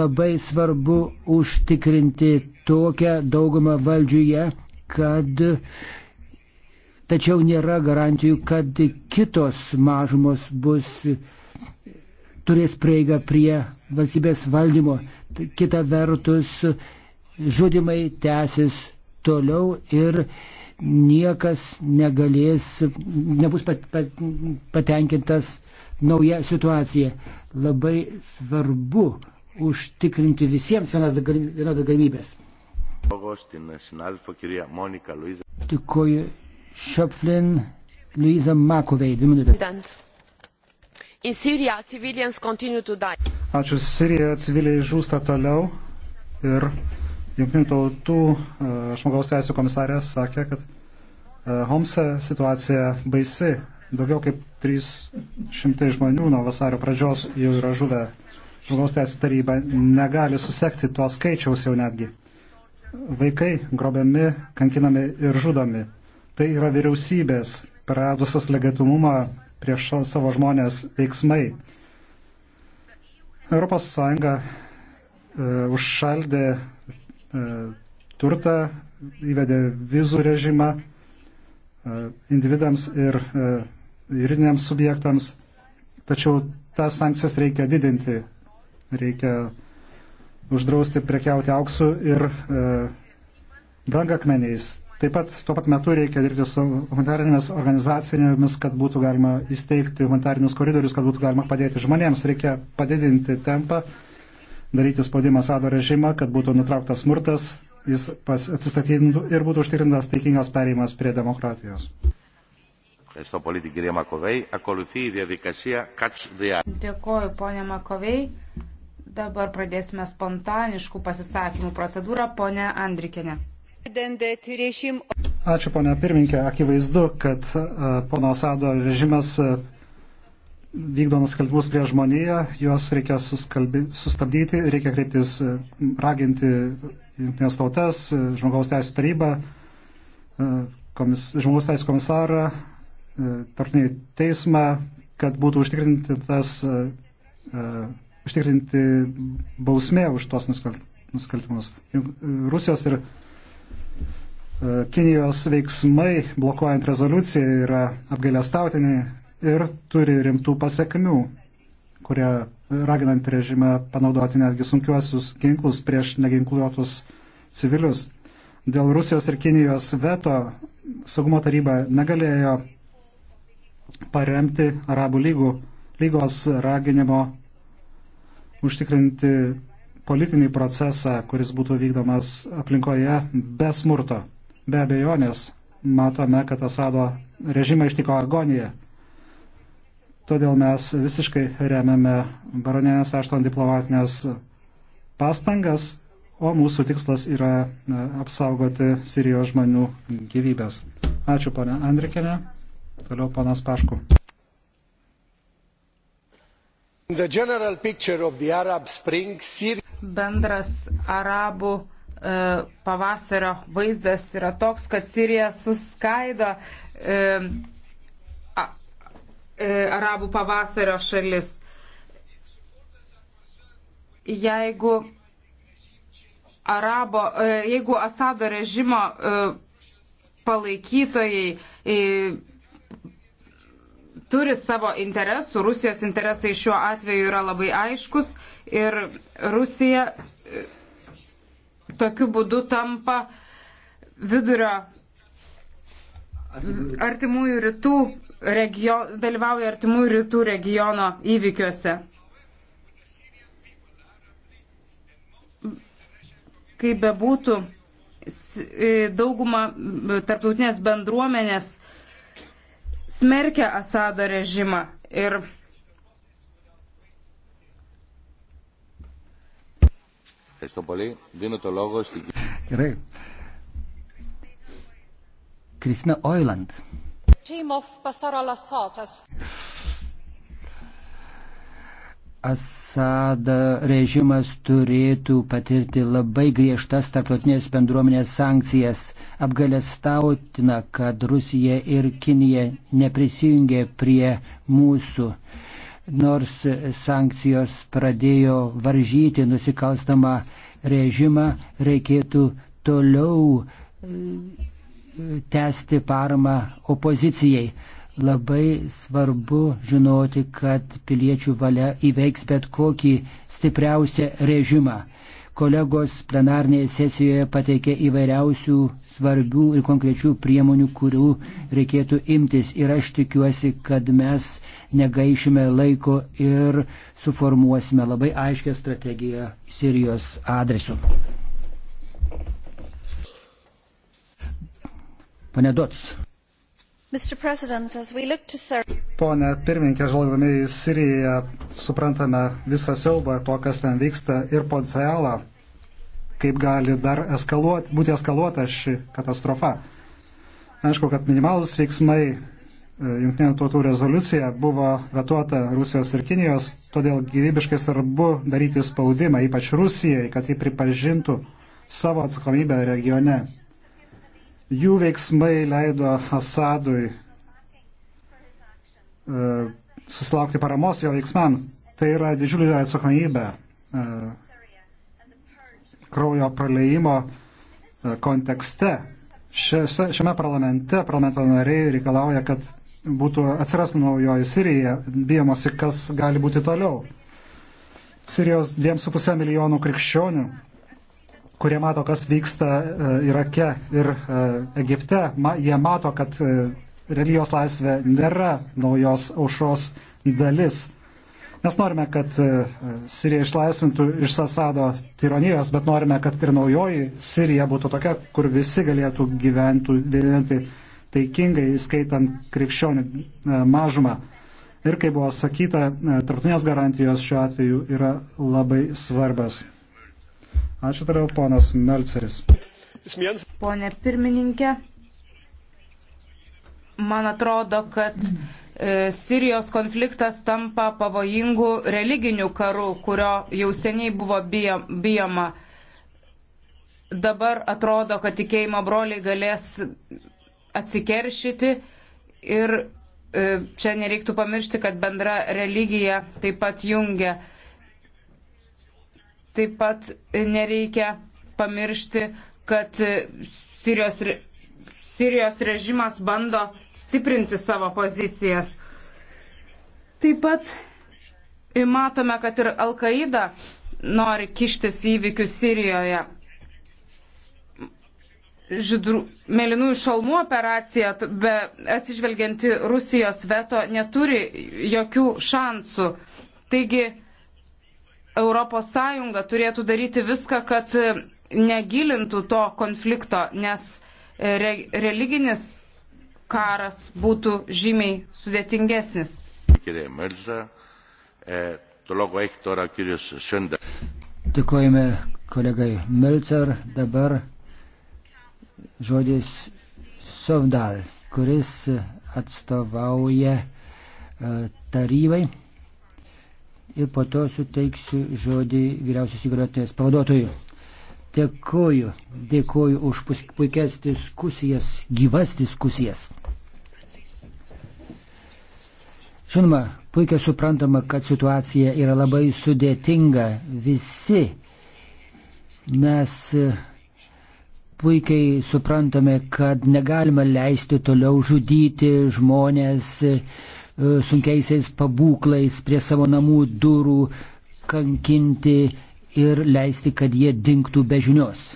labai svarbu užtikrinti tokią daugumą valdžiuje, kad tačiau nėra garantijų, kad kitos mažumos bus turės prieigą prie valstybės valdymo. Tai kita vertus, žudimai tęsis toliau ir niekas negalės, nebus pat, pat, patenkintas nauja situacija. Labai svarbu užtikrinti visiems vienas galimybės. Dėkuoju Šöpflin, Luiza Makovei, dvi minutės. In Syria, civilians continue to die. Ačiū. Sirija civiliai žūsta toliau ir Junktinių tautų e, žmogaus teisų komisarė sakė, kad e, Homse situacija baisi. Daugiau kaip 300 žmonių nuo vasario pradžios jau yra žuvę. Žmogaus teisų taryba negali susekti tuo skaičiaus jau netgi. Vaikai grobiami, kankinami ir žudomi. Tai yra vyriausybės praradusios legitimumą prieš savo žmonės veiksmai. ES e, užšaldė e, turtą, įvedė vizų režimą e, individams ir e, juridiniams subjektams, tačiau tas sankcijas reikia didinti, reikia uždrausti prekiauti auksu ir e, brangakmeniais. Taip pat tuo pat metu reikia dirbti su humanitarinėmis organizacijomis, kad būtų galima įsteigti humanitarinius koridorius, kad būtų galima padėti žmonėms. Reikia padidinti tempą, daryti spaudimą Sado režimą, kad būtų nutrauktas smurtas, jis atsistatydintų ir būtų užtikrintas taikingas perėjimas prie demokratijos. Dėkoju, ponė Makovei. Dabar pradėsime spontaniškų pasisakymų procedūrą, ponė Andrikėne. Ačiū, ponė pirminkė. Akivaizdu, kad pono Asado režimas vykdo nusikaltimus prie žmoniją, juos reikia suskalbi, sustabdyti, reikia kreiptis, raginti jungtinės tautas, žmogaus teisų tarybą, komis, žmogaus teisų komisarą, tarpinį teismą, kad būtų užtikrinti tas užtikrinti bausmė už tos nusikaltimus. E, Rusijos ir e, Kinijos veiksmai blokuojant rezoliuciją yra apgailestautini ir turi rimtų pasiekmių, kurie raginant režimą panaudoti netgi sunkiuosius ginklus prieš neginkluotus civilius. Dėl Rusijos ir Kinijos veto saugumo taryba negalėjo paremti Arabų lygų, lygos raginimo užtikrinti politinį procesą, kuris būtų vykdomas aplinkoje be smurto. Be abejonės matome, kad Asado režimą ištiko agonija. Todėl mes visiškai remiame baronienės aštuon diplomatinės pastangas, o mūsų tikslas yra e, apsaugoti Sirijos žmonių gyvybės. Ačiū, ponia Andrikinė. Toliau ponas Pašku. Spring... Bendras arabų e, pavasario vaizdas yra toks, kad Sirija suskaido e, a, e, arabų pavasario šalis. Jeigu, arabo, e, jeigu Asado režimo e, palaikytojai e, turi savo interesų, Rusijos interesai šiuo atveju yra labai aiškus ir Rusija e, tokiu būdu tampa vidurio artimųjų rytų region, dalyvauja artimųjų rytų regiono įvykiuose. Kaip bebūtų, e, dauguma tarptautinės bendruomenės smerkia Asado režimą ir Gerai. Kristina Oiland. Asada režimas turėtų patirti labai griežtas tarptautinės bendruomenės sankcijas. Apgalestautina, kad Rusija ir Kinija neprisijungė prie mūsų. Nors sankcijos pradėjo varžyti nusikalstamą režimą, reikėtų toliau e, tęsti paramą opozicijai. Labai svarbu žinoti, kad piliečių valia įveiks bet kokį stipriausią režimą. Kolegos plenarnėje sesijoje pateikė įvairiausių svarbių ir konkrečių priemonių, kurių reikėtų imtis. Ir aš tikiuosi, kad mes negaišime laiko ir suformuosime labai aiškę strategiją Sirijos adresu. Pane Dots. Pone pirmininkė, žvalgdami į Siriją, suprantame visą siaubą to, kas ten vyksta ir potencialą, kaip gali dar eskaluot, būti eskaluota ši katastrofa. Aišku, kad minimalus veiksmai e, Junktinių tautų rezoliucija buvo vetuota Rusijos ir Kinijos, todėl gyvybiškai svarbu daryti spaudimą, ypač Rusijai, kad ji pripažintų savo atsakomybę regione Jų veiksmai leido Asadui e, susilaukti paramos jo veiksmams. Tai yra didžiulė atsakomybė e, kraujo praleimo e, kontekste. Šiose, šiame parlamente parlamento nariai reikalauja, kad būtų atsirastų naujoji Sirija, bijamosi, kas gali būti toliau. Sirijos 2,5 milijonų krikščionių kurie mato, kas vyksta e, Irake ir e, Egipte, jie mato, kad e, religijos laisvė nėra naujos aušros dalis. Mes norime, kad Sirija išlaisvintų iš Sasado tironijos, bet norime, kad ir naujoji Sirija būtų tokia, kur visi galėtų gyventi, gyventi taikingai, įskaitant krikščionių mažumą. Ir kaip buvo sakyta, tarptautinės garantijos šiuo atveju yra labai svarbios. Ačiū toliau, ponas Melceris. Pone pirmininkė, man atrodo, kad e, Sirijos konfliktas tampa pavojingų religinių karų, kurio jau seniai buvo bijoma. Dabar atrodo, kad tikėjimo broliai galės atsikeršyti ir e, čia nereiktų pamiršti, kad bendra religija taip pat jungia Taip pat nereikia pamiršti, kad Sirijos, Sirijos režimas bando stiprinti savo pozicijas. Taip pat matome, kad ir Al-Qaida nori kištis įvykius Sirijoje. Žydru, mėlynųjų šalmų operacija, be atsižvelgianti Rusijos veto, neturi jokių šansų. Taigi ES turėtų daryti viską, kad e, negilintų to konflikto, nes e, re, religinis karas būtų žymiai sudėtingesnis. Dėkojame kolegai Melcer, dabar žodis Sovdal, kuris atstovauja e, tarybai ir po to suteiksiu žodį vyriausios įgaliotinės pavaduotojui. Dėkoju, dėkoju už puikias diskusijas, gyvas diskusijas. Žinoma, puikiai suprantama, kad situacija yra labai sudėtinga. Visi mes e, puikiai suprantame, kad negalima leisti toliau žudyti žmonės, E, sunkiaisiais pabūklais prie savo namų durų, kankinti ir leisti, kad jie dinktų be žinios.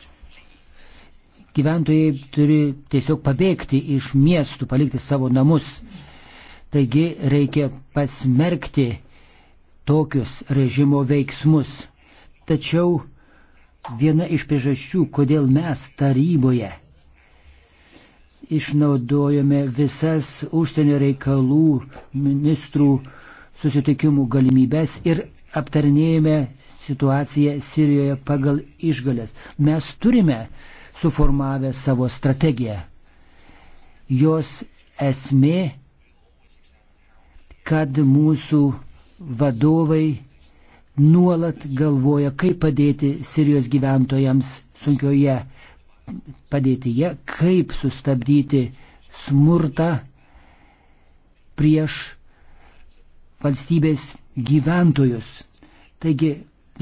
Gyventojai turi tiesiog pabėgti iš miestų, palikti savo namus. Taigi reikia pasmerkti tokius režimo veiksmus. Tačiau viena iš priežasčių, kodėl mes taryboje išnaudojome visas užsienio reikalų ministrų susitikimų galimybės ir aptarnėjome situaciją Sirijoje pagal išgalės. Mes turime suformavę savo strategiją. Jos esmė, kad mūsų vadovai nuolat galvoja, kaip padėti Sirijos gyventojams sunkioje padėtyje, kaip sustabdyti smurtą prieš valstybės gyventojus. Taigi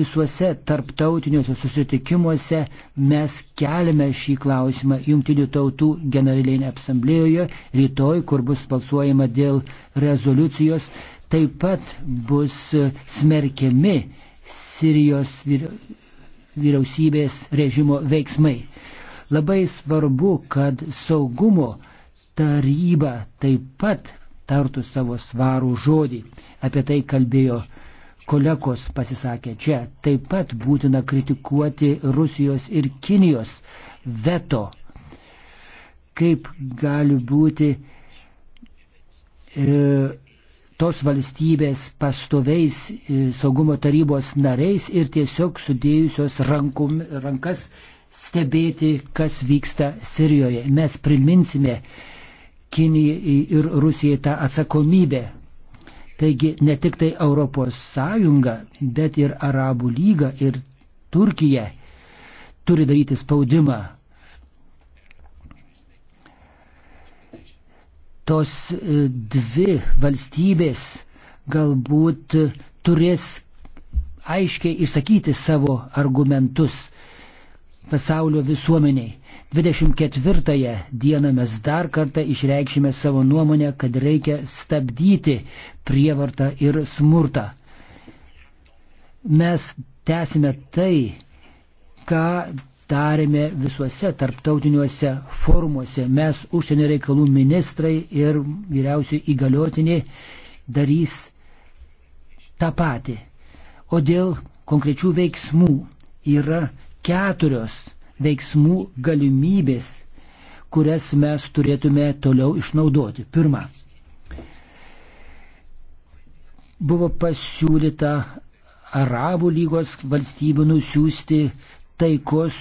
visuose tarptautiniuose susitikimuose mes keliame šį klausimą Junktinių tautų generalinėje asamblėjoje, rytoj, kur bus balsuojama dėl rezoliucijos, taip pat bus smerkiami Sirijos vyriausybės režimo veiksmai. Labai svarbu, kad saugumo taryba taip pat tartų savo svarų žodį. Apie tai kalbėjo kolegos pasisakė čia. Taip pat būtina kritikuoti Rusijos ir Kinijos veto. Kaip gali būti e, tos valstybės pastoviais e, saugumo tarybos nariais ir tiesiog sudėjusios rankum, rankas stebėti, kas vyksta Sirijoje. Mes priminsime Kinijai ir Rusijai tą atsakomybę. Taigi ne tik tai Europos Sąjunga, bet ir Arabų lyga ir Turkija turi daryti spaudimą. Tos e, dvi valstybės galbūt turės aiškiai išsakyti savo argumentus pasaulio visuomeniai. 24 dieną mes dar kartą išreikšime savo nuomonę, kad reikia stabdyti prievartą ir smurtą. Mes tęsime tai, ką darėme visuose tarptautiniuose formuose. Mes užsienio reikalų ministrai ir vyriausiai įgaliotiniai darys tą patį. O dėl konkrečių veiksmų yra keturios veiksmų galimybės, kurias mes turėtume toliau išnaudoti. Pirma, buvo pasiūlyta Arabų lygos valstybių nusiųsti taikos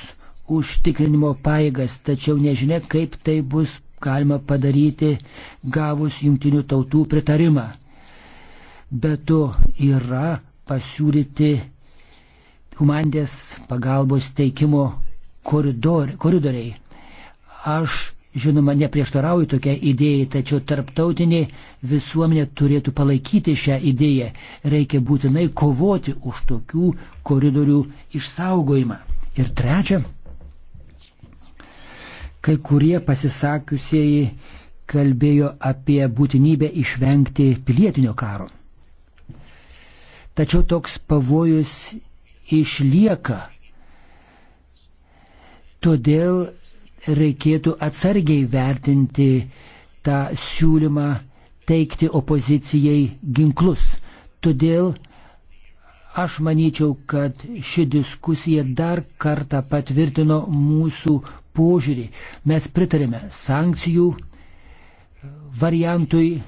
užtikrinimo paėgas, tačiau nežinia, kaip tai bus galima padaryti gavus jungtinių tautų pritarimą. Be to yra pasiūlyti humanitės pagalbos teikimo koridor, koridoriai. Aš, žinoma, neprieštarauju tokia idėjai, tačiau tarptautinė visuomenė turėtų palaikyti šią idėją. Reikia būtinai kovoti už tokių koridorių išsaugojimą. Ir trečia, kai kurie pasisakiusieji kalbėjo apie būtinybę išvengti pilietinio karo. Tačiau toks pavojus išlieka. Todėl reikėtų atsargiai vertinti tą siūlymą teikti opozicijai ginklus. Todėl aš manyčiau, kad ši diskusija dar kartą patvirtino mūsų požiūrį. Mes pritarėme sankcijų variantui.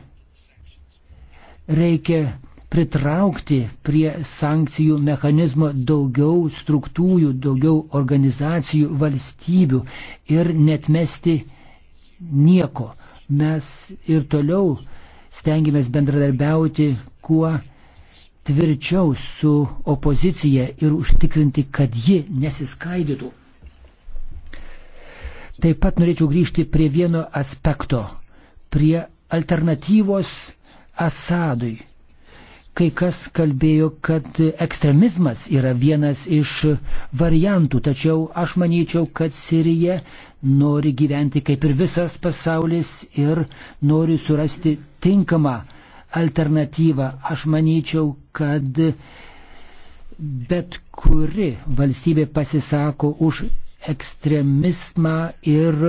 Reikia pritraukti prie sankcijų mechanizmo daugiau struktūrų, daugiau organizacijų, valstybių ir netmesti nieko. Mes ir toliau stengiamės bendradarbiauti kuo tvirčiau su opozicija ir užtikrinti, kad ji nesiskaidytų. Taip pat norėčiau grįžti prie vieno aspekto, prie alternatyvos Asadui Kai kas kalbėjo, kad ekstremizmas yra vienas iš variantų, tačiau aš manyčiau, kad Sirija nori gyventi kaip ir visas pasaulis ir nori surasti tinkamą alternatyvą. Aš manyčiau, kad bet kuri valstybė pasisako už ekstremizmą ir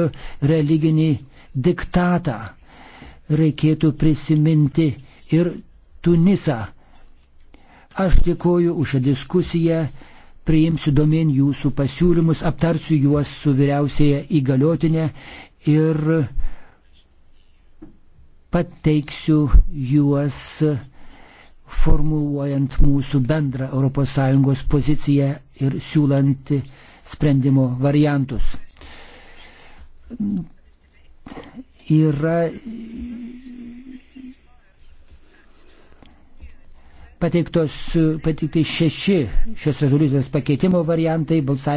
religinį diktatą. Reikėtų prisiminti ir Tunisą. Aš dėkoju už šią diskusiją, priimsiu domin jūsų pasiūlymus, aptarsiu juos su vyriausiaja įgaliotinė ir pateiksiu juos formuluojant mūsų bendrą ES poziciją ir siūlant sprendimo variantus. Yra pateiktos, pateikti šeši šios rezoliucijos pakeitimo variantai, balsavimo.